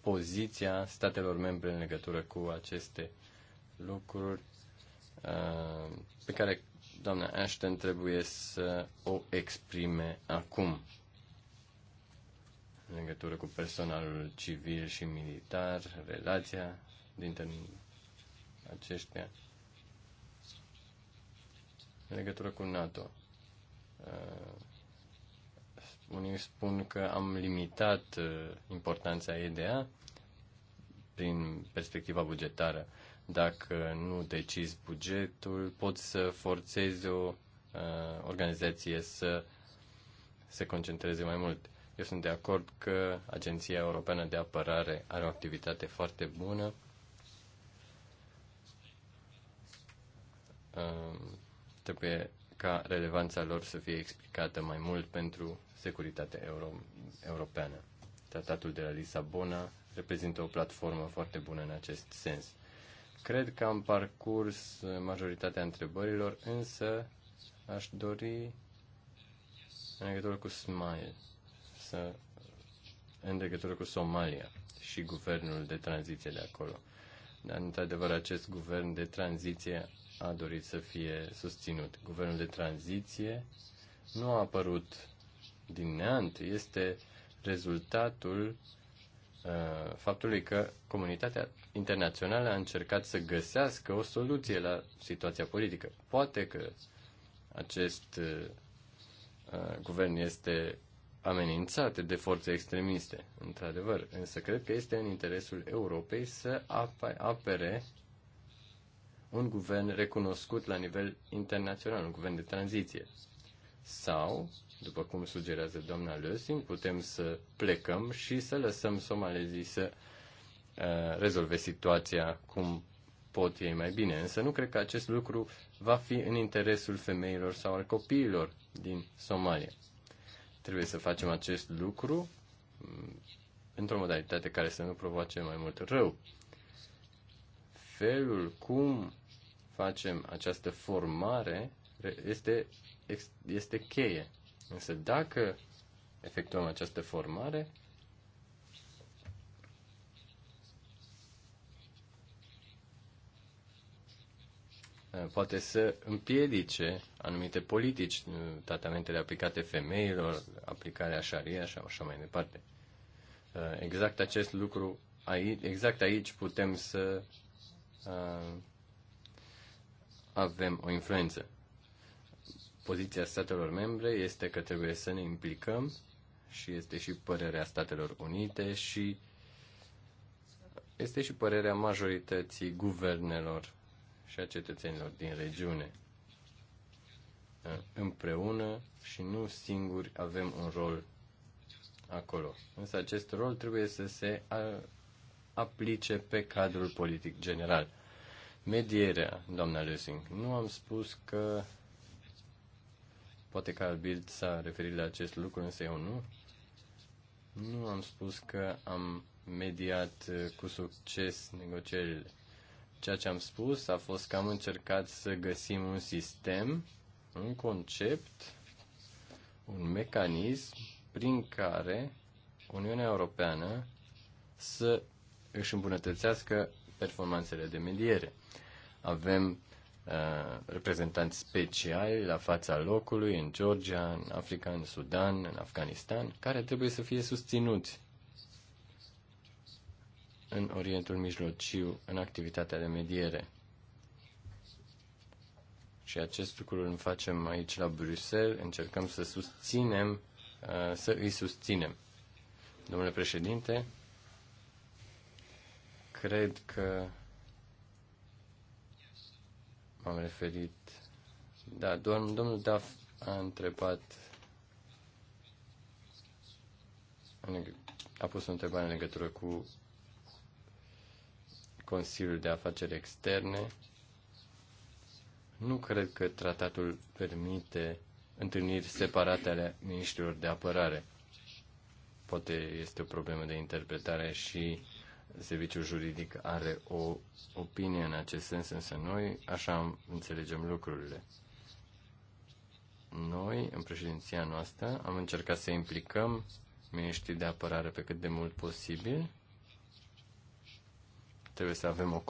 poziția statelor membre în legătură cu aceste lucruri uh, pe care doamna Ashton trebuie să o exprime acum în legătură cu personalul civil și militar, relația dintre aceștia în legătură cu NATO. Uh, unii spun că am limitat uh, importanța EDA prin perspectiva bugetară. Dacă nu decizi bugetul, poți să forțezi o uh, organizație să se concentreze mai mult. Eu sunt de acord că Agenția Europeană de Apărare are o activitate foarte bună Ehm, trebuie ca relevanța lor să fie explicată mai mult pentru securitatea euro- europeană. Tratatul de la Lisabona reprezintă o platformă foarte bună în acest sens. Cred că am parcurs majoritatea întrebărilor, însă aș dori în legătură cu Smile, să, în legătură cu Somalia și guvernul de tranziție de acolo. Dar, într-adevăr, acest guvern de tranziție a dorit să fie susținut. Guvernul de tranziție nu a apărut din neant, este rezultatul uh, faptului că comunitatea internațională a încercat să găsească o soluție la situația politică. Poate că acest uh, uh, guvern este amenințat de forțe extremiste, într-adevăr, însă cred că este în interesul Europei să apere un guvern recunoscut la nivel internațional, un guvern de tranziție. Sau, după cum sugerează doamna Lösing, putem să plecăm și să lăsăm somalezii să uh, rezolve situația cum pot ei mai bine. Însă nu cred că acest lucru va fi în interesul femeilor sau al copiilor din Somalia. Trebuie să facem acest lucru mm, într-o modalitate care să nu provoace mai mult rău. Felul cum facem această formare este, este cheie. Însă dacă efectuăm această formare, eh, poate să împiedice anumite politici, eh, tratamentele aplicate femeilor, aplicarea șaria și așa mai departe. Eh, exact acest lucru, aici, exact aici putem să avem o influență. Poziția statelor membre este că trebuie să ne implicăm și este și părerea Statelor Unite și este și părerea majorității guvernelor și a cetățenilor din regiune. Împreună și nu singuri avem un rol acolo. Însă acest rol trebuie să se aplice pe cadrul politic general. Medierea, doamna Lösing. Nu am spus că... Poate că Albert s-a referit la acest lucru, însă eu nu. Nu am spus că am mediat uh, cu succes negocierile. Ceea ce am spus a fost că am încercat să găsim un sistem, un concept, un mecanism prin care Uniunea Europeană să își îmbunătățească performanțele de mediere. Avem uh, reprezentanți speciali la fața locului în Georgia, în Africa, în Sudan, în Afganistan, care trebuie să fie susținuți în Orientul Mijlociu în activitatea de mediere. Și acest lucru îl facem aici la Bruxelles, încercăm să susținem, uh, să îi susținem. Domnule președinte, cred că m-am referit. Da, domn, domnul Daf a întrebat, a pus o întrebare în legătură cu Consiliul de Afaceri Externe. Nu cred că tratatul permite întâlniri separate ale ministrilor de apărare. Poate este o problemă de interpretare și serviciul juridic are o opinie în acest sens, însă noi așa înțelegem lucrurile. Noi, în președinția noastră, am încercat să implicăm miniștrii de apărare pe cât de mult posibil. Trebuie să avem o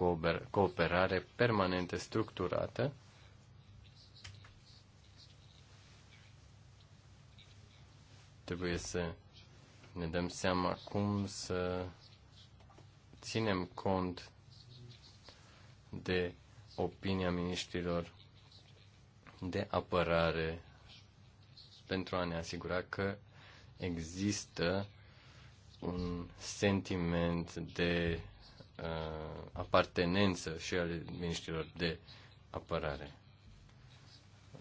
cooperare permanentă, structurată, trebuie să ne dăm seama cum să ținem cont de opinia ministrilor de apărare pentru a ne asigura că există un sentiment de uh, apartenență și al miniștrilor de apărare.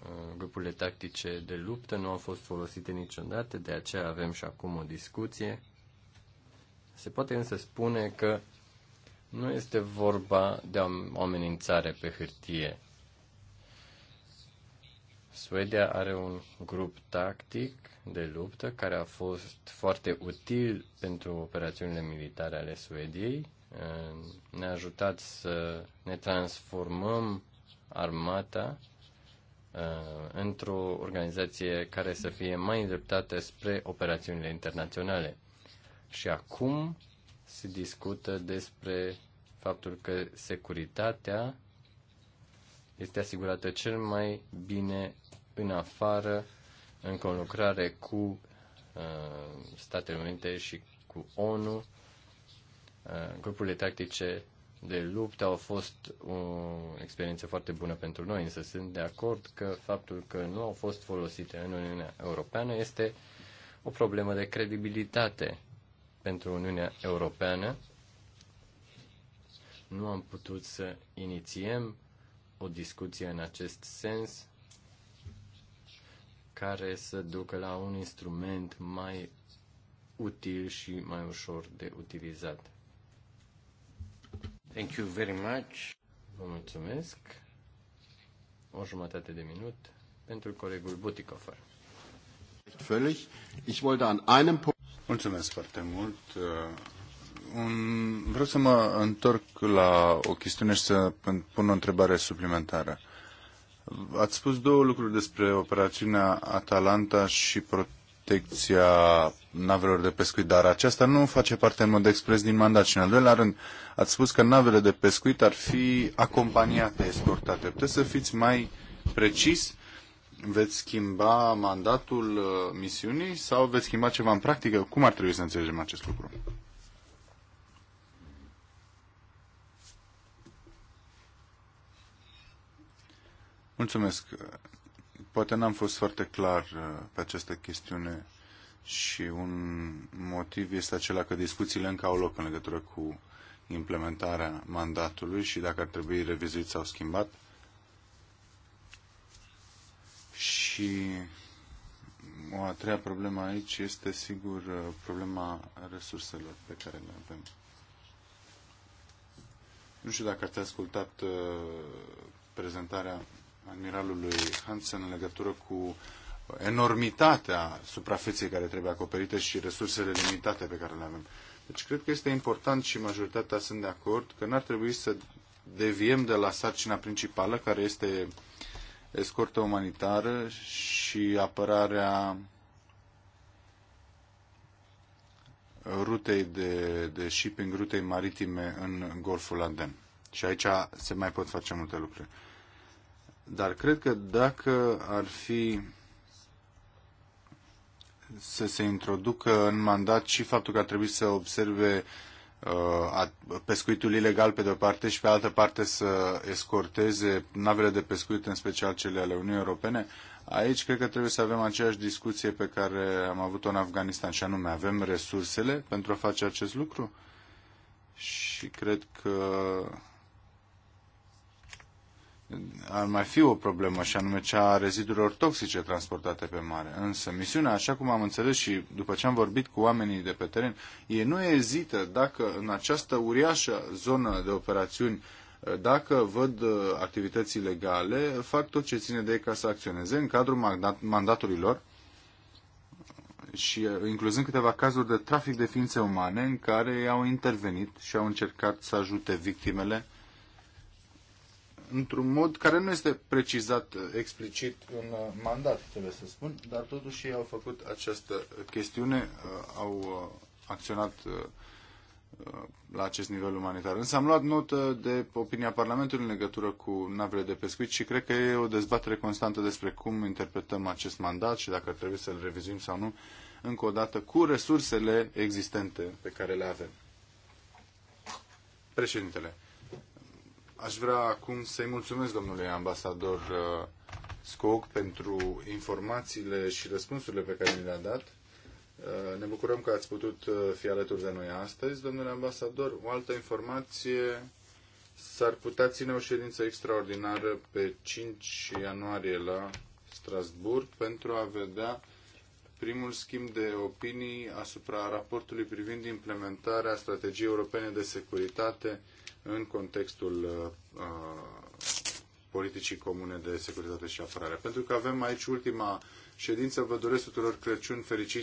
Uh, grupurile tactice de luptă nu au fost folosite niciodată, de aceea avem și acum o discuție. Se poate însă spune că nu este vorba de o amenințare pe hârtie. Suedia are un grup tactic de luptă care a fost foarte util pentru operațiunile militare ale Suediei. Eh, ne-a ajutat să ne transformăm armata eh, într-o organizație care să fie mai îndreptată spre operațiunile internaționale. Și acum se discută despre faptul că securitatea este asigurată cel mai bine în afară, în conlucrare cu uh, Statele Unite și cu ONU. Uh, grupurile tactice de luptă au fost o experiență foarte bună pentru noi, însă sunt de acord că faptul că nu au fost folosite în Uniunea Europeană este o problemă de credibilitate pentru Uniunea Europeană, nu am putut să inițiem o discuție în acest sens care să ducă la un instrument mai util și mai ușor de utilizat. Thank you very much. Vă mulțumesc. O jumătate de minut pentru colegul Butikofer. Ich wollte an einem Mulțumesc foarte mult. Uh, un, vreau să mă întorc la o chestiune și să pun o întrebare suplimentară. Ați spus două lucruri despre operațiunea Atalanta și protecția navelor de pescuit, dar aceasta nu face parte în mod expres din mandat. Și în al doilea rând, ați spus că navele de pescuit ar fi acompaniate, escortate. Puteți să fiți mai precis Veți schimba mandatul uh, misiunii sau veți schimba ceva în practică? Cum ar trebui să înțelegem acest lucru? Mulțumesc. Poate n-am fost foarte clar uh, pe această chestiune și un motiv este acela că discuțiile încă au loc în legătură cu implementarea mandatului și dacă ar trebui revizuit sau schimbat. Și o a treia problemă aici este, sigur, problema resurselor pe care le avem. Nu știu dacă ați ascultat uh, prezentarea admiralului Hansen în legătură cu enormitatea suprafeței care trebuie acoperite și resursele limitate pe care le avem. Deci cred că este important și majoritatea sunt de acord că n-ar trebui să deviem de la sarcina principală, care este escortă umanitară și apărarea rutei de, de shipping, rutei maritime în Golful Aden. Și aici se mai pot face multe lucruri. Dar cred că dacă ar fi să se introducă în mandat și faptul că ar trebui să observe Uh, pescuitul ilegal pe de-o parte și pe altă parte să escorteze navele de pescuit, în special cele ale Uniunii Europene. Aici cred că trebuie să avem aceeași discuție pe care am avut-o în Afganistan și anume avem resursele pentru a face acest lucru și cred că ar mai fi o problemă, și anume cea a rezidurilor toxice transportate pe mare. Însă misiunea, așa cum am înțeles și după ce am vorbit cu oamenii de pe teren, ei nu ezită dacă în această uriașă zonă de operațiuni dacă văd uh, activități ilegale, fac tot ce ține de ei ca să acționeze în cadrul mandatului lor și uh, incluzând câteva cazuri de trafic de ființe umane în care au intervenit și au încercat să ajute victimele într-un mod care nu este precizat uh, explicit în uh, mandat, trebuie să spun, dar totuși ei au făcut această chestiune, uh, au acționat la acest nivel umanitar. Însă am luat notă de opinia Parlamentului în legătură cu navele de pescuit și cred că e o dezbatere constantă despre cum interpretăm acest mandat și dacă trebuie să-l revizuim sau nu, încă o dată, cu resursele existente pe care le avem. Președintele, Aș vrea acum să-i mulțumesc domnului ambasador uh, Scog pentru informațiile și răspunsurile pe care ni le-a dat. Uh, ne bucurăm că ați putut uh, fi alături de noi astăzi, domnule ambasador. O altă informație s-ar putea ține o ședință extraordinară pe 5 ianuarie la Strasburg pentru a vedea primul schimb de opinii asupra raportului privind implementarea strategiei europene de securitate în contextul uh, politicii comune de securitate și apărare. Pentru că avem aici ultima ședință, vă doresc tuturor Crăciun fericit.